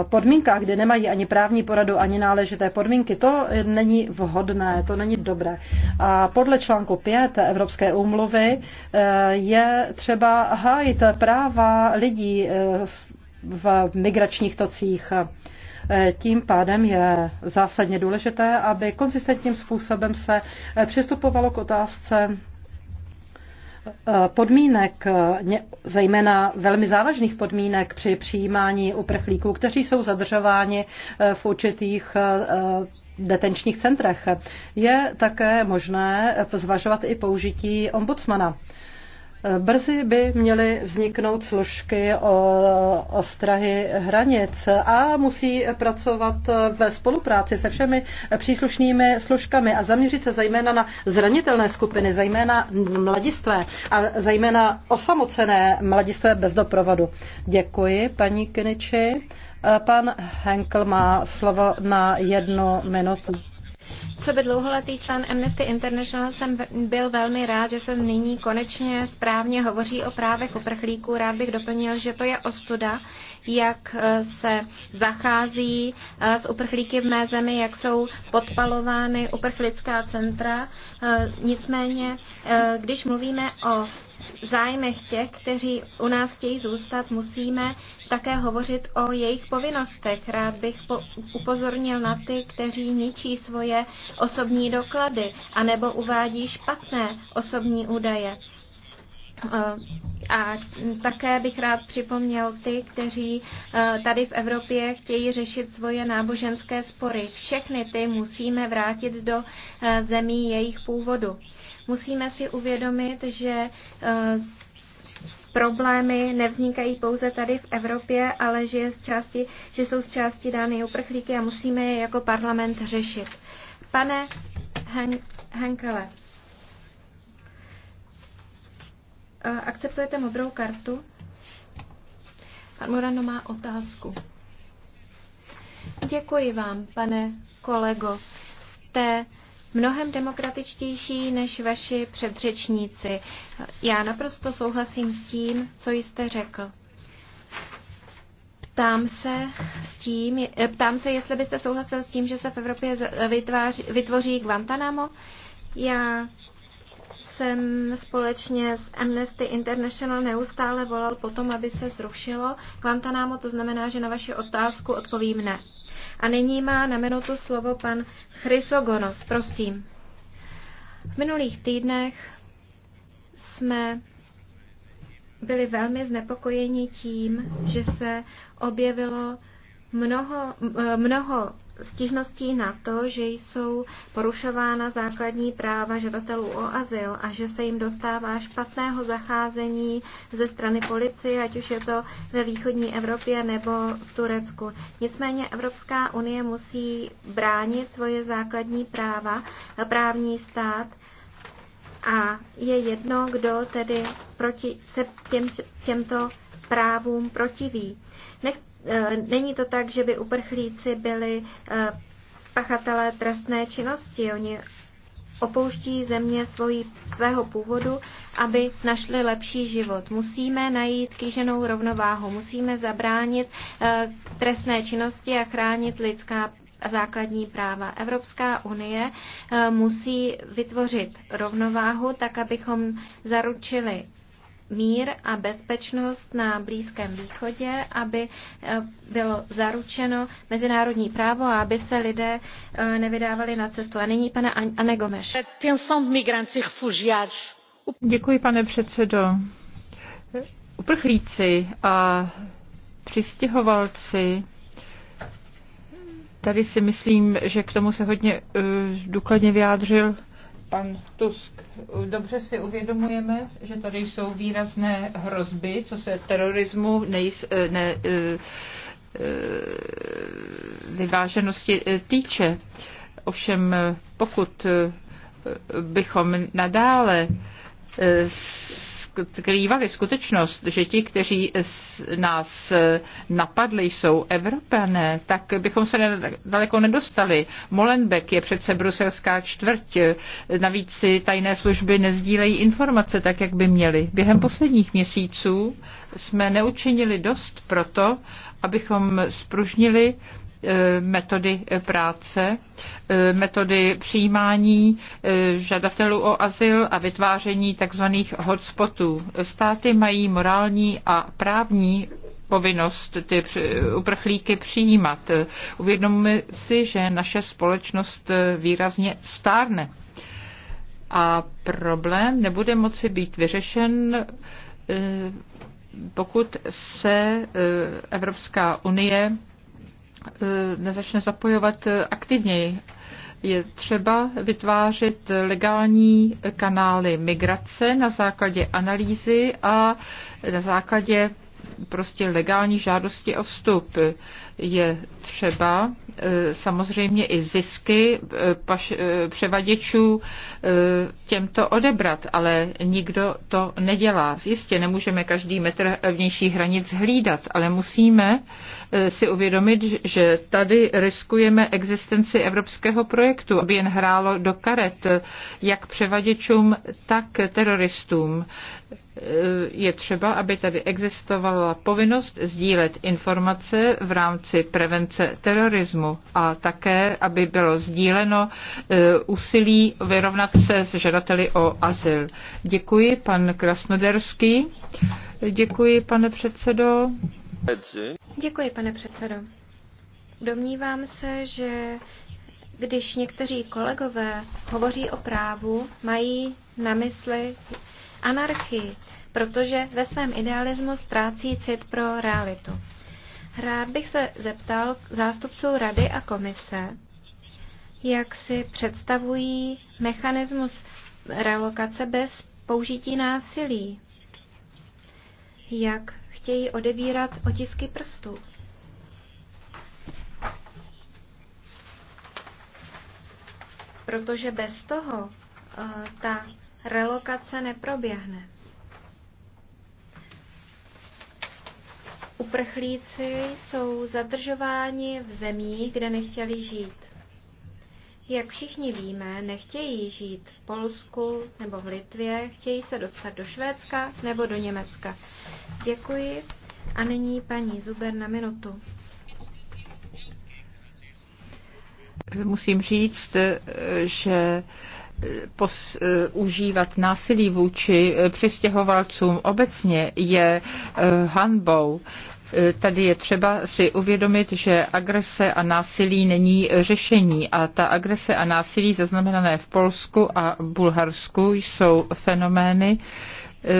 podmínkách, kdy nemají ani právní poradu, ani náležité podmínky, to není vhodné, to není dobré. A podle článku 5 Evropské úmluvy eh, je třeba hájit práva lidí eh, v migračních tocích. Eh, tím pádem je zásadně důležité, aby konzistentním způsobem se eh, přistupovalo k otázce eh, podmínek, zejména velmi závažných podmínek při přijímání uprchlíků, kteří jsou zadržováni v určitých detenčních centrech. Je také možné zvažovat i použití ombudsmana. Brzy by měly vzniknout složky o ostrahy hranic a musí pracovat ve spolupráci se všemi příslušnými složkami a zaměřit se zejména na zranitelné skupiny, zejména mladistvé a zejména osamocené mladistvé bez doprovodu. Děkuji, paní Kiniči. Pan Henkel má slovo na jednu minutu. Co by dlouholetý člen Amnesty International jsem byl velmi rád, že se nyní konečně správně hovoří o právech uprchlíků. Rád bych doplnil, že to je ostuda, jak eh, se zachází eh, s uprchlíky v mé zemi, jak jsou podpalovány uprchlická centra. Eh, nicméně, když mluvíme o zájmech těch, kteří u nás chtějí zůstat, musíme také hovořit o jejich povinnostech. Rád bych po- upozornil na ty, kteří ničí svoje osobní doklady anebo uvádí špatné osobní údaje. Eh, a také bych rád připomněl ty, kteří eh, tady v Evropě chtějí řešit svoje náboženské spory. Všechny ty musíme vrátit do eh, zemí jejich původu. Musíme si uvědomit, že eh, problémy nevznikají pouze tady v Evropě, ale že, je z části, že jsou z části dány uprchlíky a musíme je jako parlament řešit. Pane Henkele, eh, akceptujete modrou kartu? Pan Morano má otázku. Děkuji vám, pane kolego. Jste mnohem demokratičtější než vaši předřečníci. Já naprosto souhlasím s tím, co jste řekl. Ptám se, s tím, ptám se, jestli byste souhlasil s tím, že se v Evropě vytváří, vytvoří Guantanamo. Já jsem společně s Amnesty International neustále volal po tom, aby se zrušilo Guantanamo, to znamená, že na vaši otázku odpovím ne. A nyní má na minutu slovo pan Chrysogonos. Prosím. V minulých týdnech jsme byli velmi znepokojeni tím, že se objevilo mnoho, mnoho stížností na to, že jsou porušována základní práva žadatelů o azyl a že se jim dostává špatného zacházení ze strany policie, ať už je to ve východní Evropě nebo v Turecku. Nicméně Evropská unie musí bránit svoje základní práva, právní stát a je jedno, kdo tedy proti, se těm, těmto právům protiví. Eh, není to tak, že by uprchlíci byli eh, pachatelé trestné činnosti. Oni opouští země svojí, svého původu, aby našli lepší život. Musíme najít kýženou rovnováhu, musíme zabránit eh, trestné činnosti a chránit lidská a základní práva. Evropská unie musí vytvořit rovnováhu tak, abychom zaručili mír a bezpečnost na Blízkém východě, aby eh, bylo zaručeno mezinárodní právo a aby se lidé eh, nevydávali na cestu. A nyní pana Anne Gomes. Děkuji, pane předsedo. Uprchlíci a přistěhovalci Tady si myslím, že k tomu se hodně uh, důkladně vyjádřil pan Tusk. Dobře si uvědomujeme, že tady jsou výrazné hrozby, co se terorismu nejs, eh, ne, eh, eh, vyváženosti týče. Ovšem, pokud bychom nadále skrývali skutečnost, že ti, kteří nás napadli, jsou Evropané, tak bychom se daleko nedostali. Molenbeek je přece bruselská čtvrť. Navíc si tajné služby nezdílejí informace tak, jak by měly. Během posledních měsíců jsme neučinili dost proto, abychom spružnili Eh, metody práce, eh, metody přijímání eh, žadatelů o azyl a vytváření tzv. hotspotů. Státy mají morální a právní povinnost ty uprchlíky přijímat. Uvědomujeme si, že naše společnost výrazně stárne. A problém nebude moci být vyřešen, pokud se Evropská unie E, nezačne zapojovat e, aktivněji. Je třeba vytvářet legální kanály migrace na základě analýzy a na základě prostě legální žádosti o vstup. Je třeba e, samozřejmě i zisky e, paš, e, převaděčů těmto odebrat, ale nikdo to nedělá. Jistě nemůžeme každý metr vnější hranic hlídat, ale musíme si uvědomit, že tady riskujeme existenci evropského projektu, aby jen hrálo do karet jak převaděčům, tak teroristům je třeba, aby tady existovala povinnost sdílet informace v rámci prevence terorismu a také, aby bylo sdíleno eh, úsilí vyrovnat se s žadateli o azyl. Děkuji, pan Krasnoderský. Děkuji, pane předsedo. Děkuji, pane předsedo. Domnívám se, že když někteří kolegové hovoří o právu, mají na mysli anarchii, protože ve svém idealismu ztrácí cit pro realitu. Rád bych se zeptal zástupců Rady a komise, jak si představují mechanismus relokace bez použití násilí, jak chtějí odebírat otisky prstů. Protože bez toho uh, ta relokace neproběhne. Uprchlíci jsou zadržováni v zemích, kde nechtěli žít. Jak všichni víme, nechtějí žít v Polsku nebo v Litvě, chtějí se dostat do Švédska nebo do Německa. Děkuji a nyní paní Zuber na minutu. Musím říct, že pos, eh, užívat násilí vůči eh, přistěhovalcům obecně je eh, hanbou. Tady je třeba si uvědomit, že agrese a násilí není řešení a ta agrese a násilí zaznamenané v Polsku a Bulharsku jsou fenomény,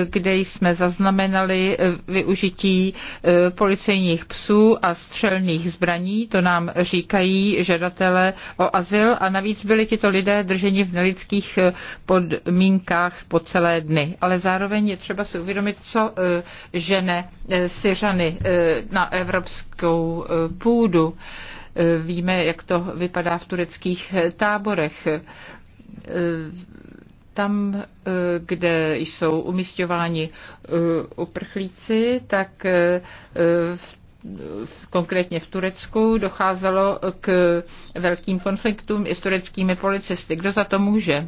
kde jsme zaznamenali eh, využití eh, policejních psů a střelných zbraní. To nám říkají žadatelé o azyl a navíc byli tito lidé drženi v nelidských eh, podmínkách po celé dny. Ale zároveň je třeba si uvědomit, co žene Syřany na evropskou půdu. Víme, jak to vypadá v tureckých táborech tam, eh, kde jsou umistováni eh, uprchlíci, tak eh, v konkrétně v Turecku docházelo k velkým konfliktům i s tureckými policisty. Kdo za to může?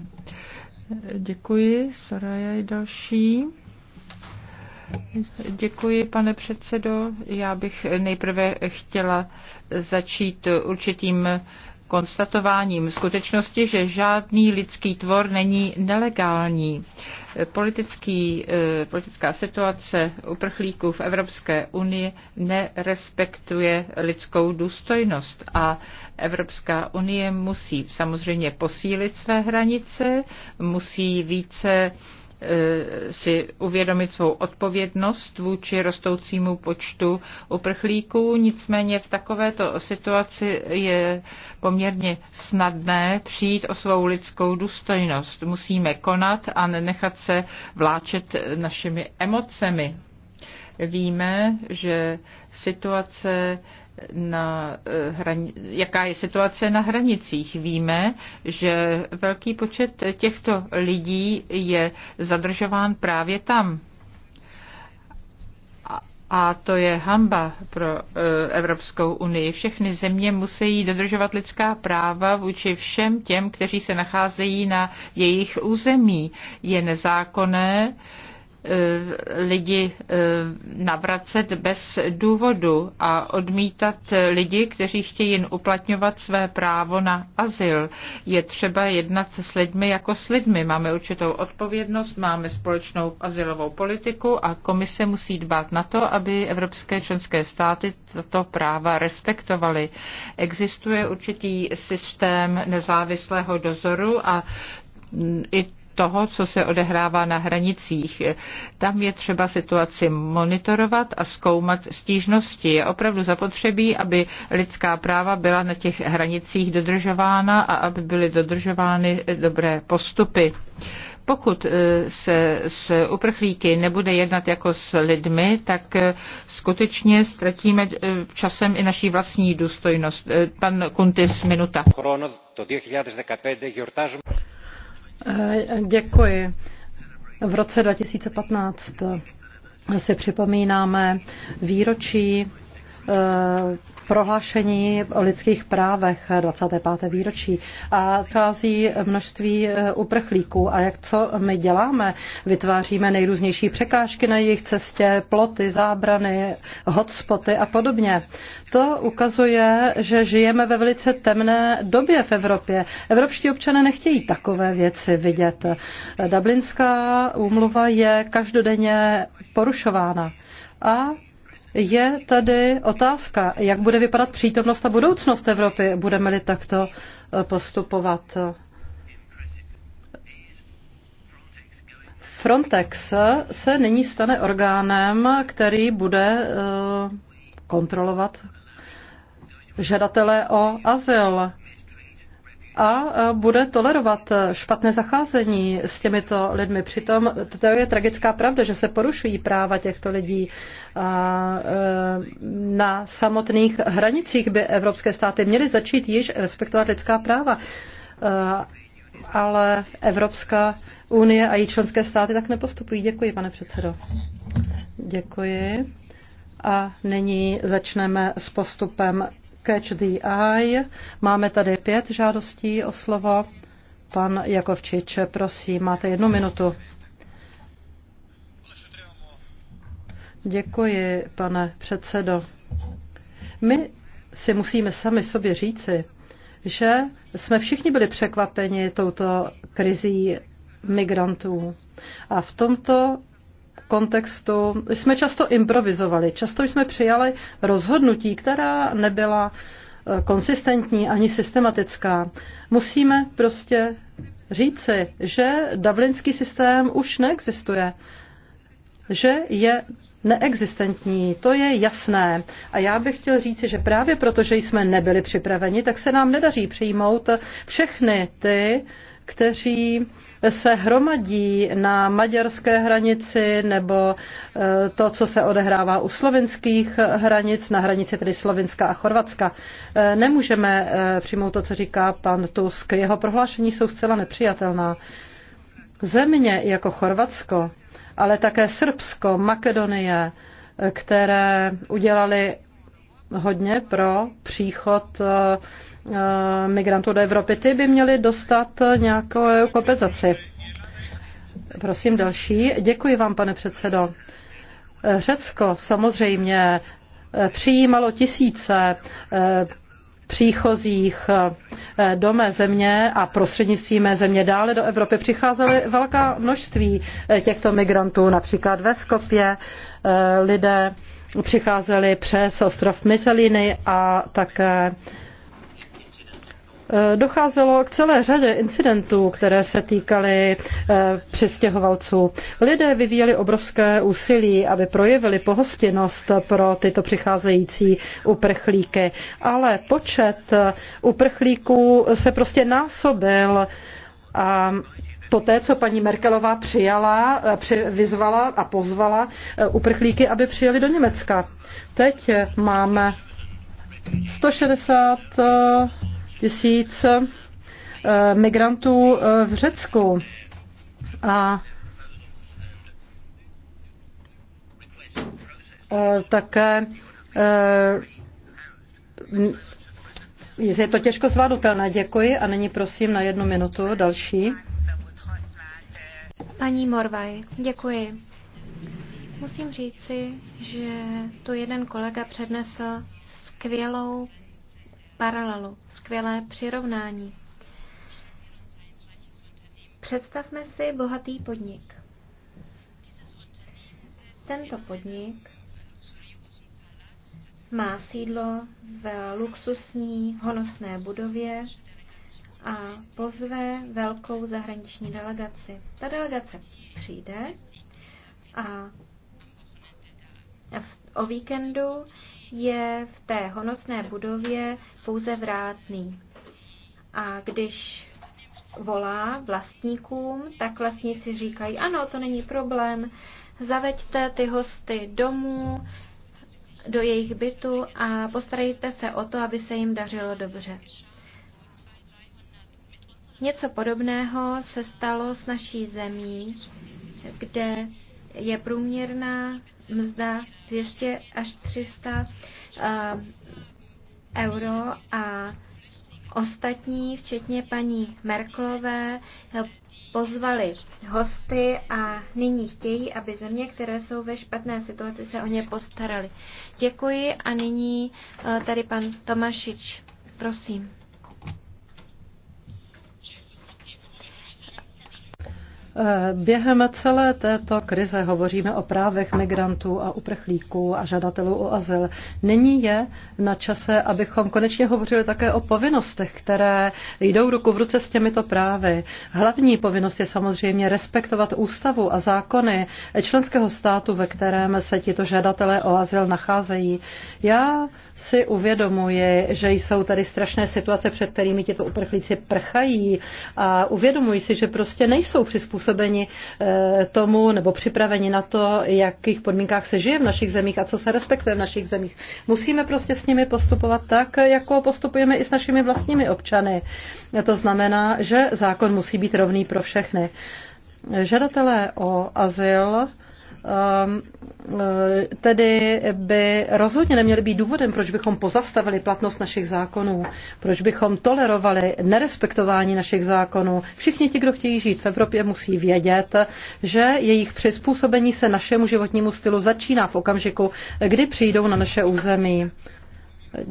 Děkuji. Saraja je další. Děkuji, pane předsedo. Já bych nejprve chtěla začít určitým konstatováním skutečnosti, že žádný lidský tvor není nelegální. Politický, eh, politická situace uprchlíků v Evropské unii nerespektuje lidskou důstojnost a Evropská unie musí samozřejmě posílit své hranice, musí více Eh, si uvědomit svou odpovědnost vůči rostoucímu počtu uprchlíků. Nicméně v takovéto situaci je poměrně snadné přijít o svou lidskou důstojnost. Musíme konat a nenechat se vláčet našimi emocemi. Víme, že situace na eh, hran, jaká je situace na hranicích. Víme, že velký počet těchto lidí je zadržován právě tam. A to je hamba pro eh, Evropskou unii. Všechny země musí dodržovat lidská práva vůči všem těm, kteří se nacházejí na jejich území. Je nezákonné, Eh, lidi eh, navracet bez důvodu a odmítat lidi, kteří chtějí jen uplatňovat své právo na azyl. Je třeba jednat s lidmi jako s lidmi. Máme určitou odpovědnost, máme společnou azylovou politiku a komise musí dbát na to, aby evropské členské státy tato práva respektovaly. Existuje určitý systém nezávislého dozoru a i toho, co se odehrává na hranicích. Tam je třeba situaci monitorovat a zkoumat stížnosti. Je opravdu zapotřebí, aby lidská práva byla na těch hranicích dodržována a aby byly dodržovány dobré postupy pokud eh, se s uprchlíky nebude jednat jako s lidmi, tak eh, skutečně ztratíme eh, časem i naší vlastní důstojnost. Pan Kuntis, minuta. Eh, děkuji. V roce 2015 si připomínáme výročí Eh, prohlášení o lidských právech 25. výročí a chází množství eh, uprchlíků a jak co my děláme, vytváříme nejrůznější překážky na jejich cestě, ploty, zábrany, hotspoty a podobně. To ukazuje, že žijeme ve velice temné době v Evropě. Evropští občané nechtějí takové věci vidět. Dublinská úmluva je každodenně porušována. A je tady otázka, jak bude vypadat přítomnost a budoucnost Evropy, budeme-li takto eh, postupovat. Frontex eh, se nyní stane orgánem, který bude eh, kontrolovat žadatele o azyl a e, bude tolerovat e, špatné zacházení s těmito lidmi. Přitom to je tragická pravda, že se porušují práva těchto lidí. E, na samotných hranicích by evropské státy měly začít již respektovat lidská práva. Ale Evropská unie a její členské státy tak nepostupují. Děkuji, pane předsedo. Děkuji. A nyní začneme s postupem Catch the Eye. Máme tady pět žádostí o slovo. Pan Jakovčič, prosím, máte jednu minutu. Děkuji, pane předsedo. My si musíme sami sobě říci, že jsme všichni byli překvapeni touto krizí migrantů. A v tomto kontextu jsme často improvizovali, často jsme přijali rozhodnutí, která nebyla eh, konsistentní ani systematická. Musíme prostě říci, že dublinský systém už neexistuje, že je neexistentní, to je jasné. A já bych chtěl říci, že právě proto, že jsme nebyli připraveni, tak se nám nedaří přijmout všechny ty uh, kteří se hromadí na maďarské hranici nebo eh, to, co se odehrává u slovinských hranic, na hranici tedy Slovinska a Chorvatska. Eh, nemůžeme eh, přijmout to, co říká pan Tusk. Jeho prohlášení jsou zcela nepřijatelná. Země jako Chorvatsko, ale také Srbsko, Makedonie, které udělali hodně pro příchod Eh, migrantů do Evropy, ty by měli dostat nějakou kompenzaci. Prosím další. Děkuji vám, pane předsedo. Eh, Řecko samozřejmě eh, přijímalo tisíce příchozích do mé země a prostřednictvím mé země dále do Evropy přicházely velká množství těchto migrantů, například ve Skopě lidé přicházeli přes ostrov Myseliny a také Eh, docházelo k celé řadě incidentů, které se týkaly eh, přistěhovalců. Lidé vyvíjeli obrovské úsilí, aby projevili pohostinnost pro tyto přicházející uprchlíky, ale počet eh, uprchlíků se prostě násobil a poté, co paní Merkelová přijala, vyzvala a pozvala uprchlíky, aby přijeli do Německa. Teď máme 160 tisíc eh, migrantů eh, v Řecku. A eh, také je to těžko zvládnutelné. Děkuji a nyní prosím na jednu minutu další. Paní Morvaj, děkuji. Musím říci, že tu jeden kolega přednesl skvělou paralelu, skvělé přirovnání. Představme si bohatý podnik. Tento podnik má sídlo v luxusní honosné budově a pozve velkou zahraniční delegaci. Ta delegace přijde a o víkendu je v té honosné budově pouze vrátný. A když volá vlastníkům, tak vlastníci říkají, ano, to není problém, zaveďte ty hosty domů, do jejich bytu a postarejte se o to, aby se jim dařilo dobře. Něco podobného se stalo s naší zemí, kde je průměrná mzda 200 až 300 eh, euro a ostatní, včetně paní Merklové, eh, pozvali hosty a nyní chtějí, aby země, které jsou ve špatné situaci, se o ně postarali. Děkuji a nyní eh, tady pan Tomašič. Prosím. Během celé této krize hovoříme o právech migrantů a uprchlíků a žadatelů o azyl. Není je na čase, abychom konečně hovořili také o povinnostech, které jdou ruku v ruce s těmito právy. Hlavní povinnost je samozřejmě respektovat ústavu a zákony členského státu, ve kterém se tito žadatelé o azyl nacházejí. Já si uvědomuji, že jsou tady strašné situace, před kterými tito uprchlíci prchají a uvědomuji si, že prostě nejsou přizpůsobeni přizpůsobeni eh, tomu nebo připraveni na to, jakých podmínkách se žije v našich zemích a co se respektuje v našich zemích. Musíme prostě s nimi postupovat tak, jako postupujeme i s našimi vlastními občany. To znamená, že zákon musí být rovný pro všechny. Žadatelé o azyl Ehm, eh, tedy by rozhodně neměly být důvodem, proč bychom pozastavili platnost našich zákonů, proč bychom tolerovali nerespektování našich zákonů. Všichni ti, kdo chtějí žít v Evropě, musí vědět, že jejich přizpůsobení se našemu životnímu stylu začíná v okamžiku, kdy přijdou na naše území.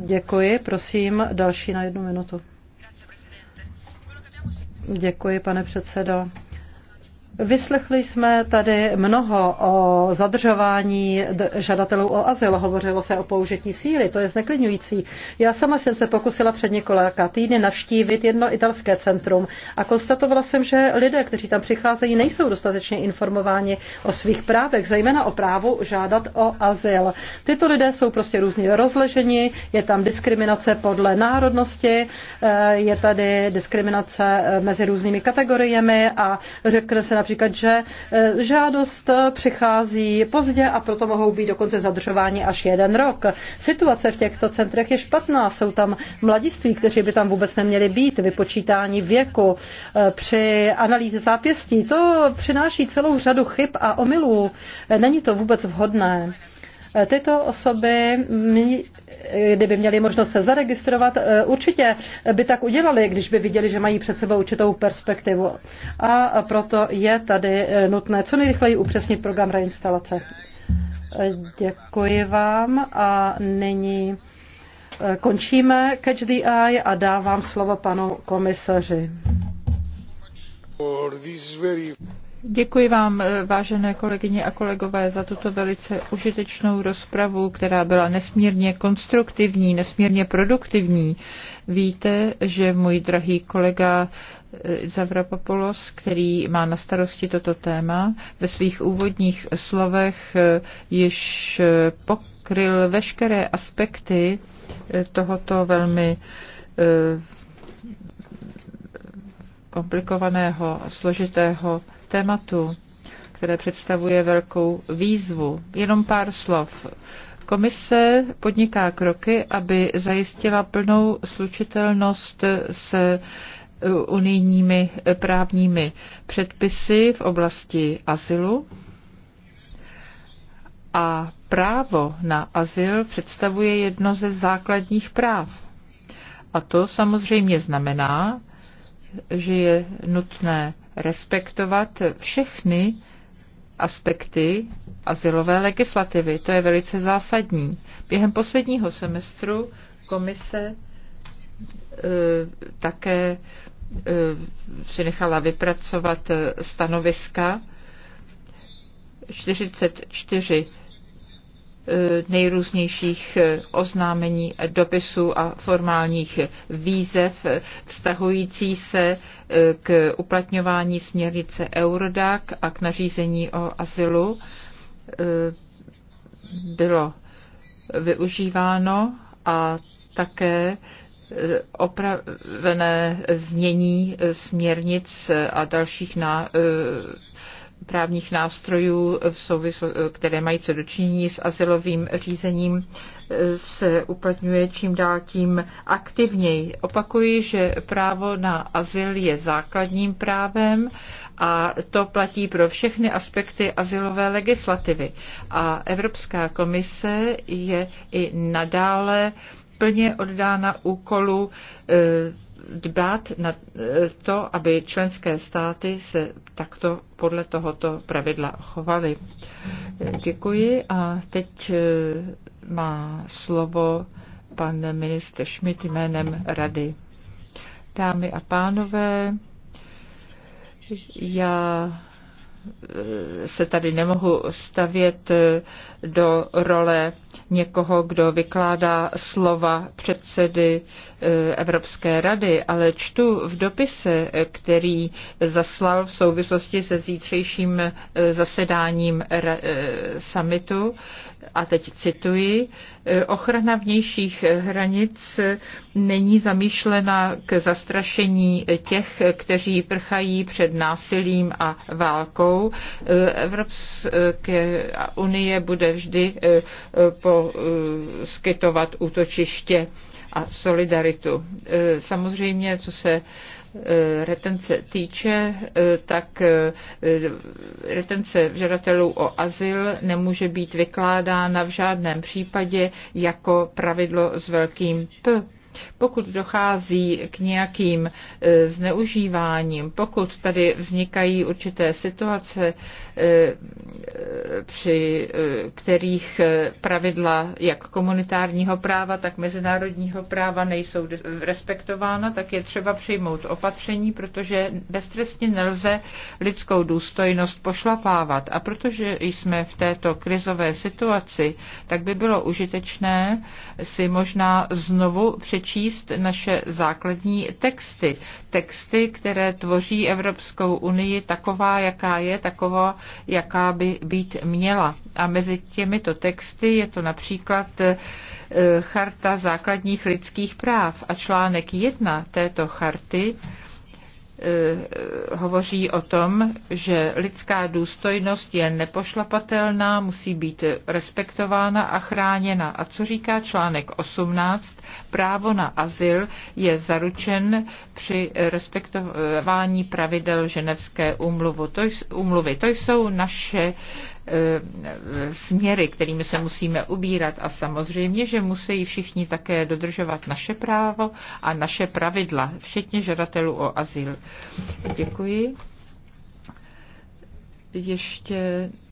Děkuji, prosím, další na jednu minutu. Děkuji, pane předsedo. Vyslechli jsme tady mnoho o zadržování žadatelů o azyl. Hovořilo se o použití síly, to je zneklidňující. Já sama jsem se pokusila před několika týdny navštívit jedno italské centrum a konstatovala jsem, že lidé, kteří tam přicházejí, nejsou dostatečně informováni o svých právech, zejména o právu žádat o azyl. Tyto lidé jsou prostě různě rozleženi, je tam diskriminace podle národnosti, eh, je tady diskriminace eh, mezi různými kategoriemi a řekne se například, že eh, žádost eh, přichází pozdě a proto mohou být dokonce zadržováni až jeden rok. Situace v těchto centrech je špatná. Jsou tam mladiství, kteří by tam vůbec neměli být. Vypočítání věku eh, při analýze zápěstí. To přináší celou řadu chyb a omylů. Není to vůbec vhodné. Tyto osoby kdyby měli možnost se zaregistrovat, eh, určitě by tak udělali, když by viděli, že mají před sebou určitou perspektivu. A proto je tady eh, nutné co nejrychleji upřesnit program reinstalace. Eh, děkuji vám a nyní končíme Catch the Eye a dávám slovo panu komisaři. Děkuji vám, eh, vážené kolegyně a kolegové, za tuto velice užitečnou rozpravu, která byla nesmírně konstruktivní, nesmírně produktivní. Víte, že můj drahý kolega eh, Zavrapopoulos, který má na starosti toto téma, ve svých úvodních slovech eh, již pokryl veškeré aspekty tohoto velmi komplikovaného, složitého tématu, které představuje velkou výzvu. Jenom pár slov. Komise podniká kroky, aby zajistila plnou slučitelnost se eh, unijními právními předpisy v oblasti azylu a právo na azyl představuje jedno ze základních práv. A to samozřejmě znamená, že je nutné respektovat všechny aspekty asilové legislativy. To je velice zásadní. Během posledního semestru komise e, také si e, nechala vypracovat stanoviska 44 Eh, nejrůznějších eh, oznámení eh, dopisů a formálních výzev vztahující se k uplatňování směrnice Eurodac a k nařízení o azylu bylo využíváno a také opravené znění směrnic a dalších na, právních nástrojů, v souvislu, které mají co dočinění s asilovým řízením, se uplatňuje čím dál tím aktivněji. Opakuji, že právo na azyl je základním právem a to platí pro všechny aspekty asilové legislativy. A Evropská komise je i nadále plně oddána úkolu eh, dbát na e, to, aby členské státy se takto podle tohoto pravidla chovaly. Děkuji a teď e, má slovo pan minister Schmidt jménem Rady. Dámy a pánové, já e, se tady nemohu stavět do role někoho, kdo vykládá slova předsedy E, Evropské rady, ale čtu v dopise, který zaslal v souvislosti se zítřejším e, zasedáním e, summitu, a teď cituji, ochrana vnějších hranic není zamýšlena k zastrašení těch, kteří prchají před násilím a válkou. Evropské unie bude vždy poskytovat útočiště a solidaritu. E, samozřejmě, co se e, retence týče, e, tak retence žadatelů o azyl nemůže být vykládána v žádném případě jako pravidlo s velkým P pokud dochází k nějakým e, zneužíváním, pokud tady vznikají určité situace, e, e, při kterých pravidla jak komunitárního práva, tak mezinárodního práva nejsou respektována, tak je třeba přijmout opatření, protože beztrestně nelze lidskou důstojnost pošlapávat. A protože jsme v této krizové situaci, tak by bylo užitečné si možná znovu při číst naše základní texty. Texty, které tvoří Evropskou unii taková, jaká je, taková, jaká by být měla. A mezi těmito texty je to například eh, Charta základních lidských práv a článek 1 této charty Eh, hovoří o tom, že lidská důstojnost je nepošlapatelná, musí být respektována a chráněna. A co říká článek 18? Právo na azyl je zaručen při respektování pravidel Ženevské umluvy. To jsou naše Eh, směry, kterými se musíme ubírat a samozřejmě, že musí všichni také dodržovat naše právo a naše pravidla, včetně žadatelů o azyl. Děkuji. Ještě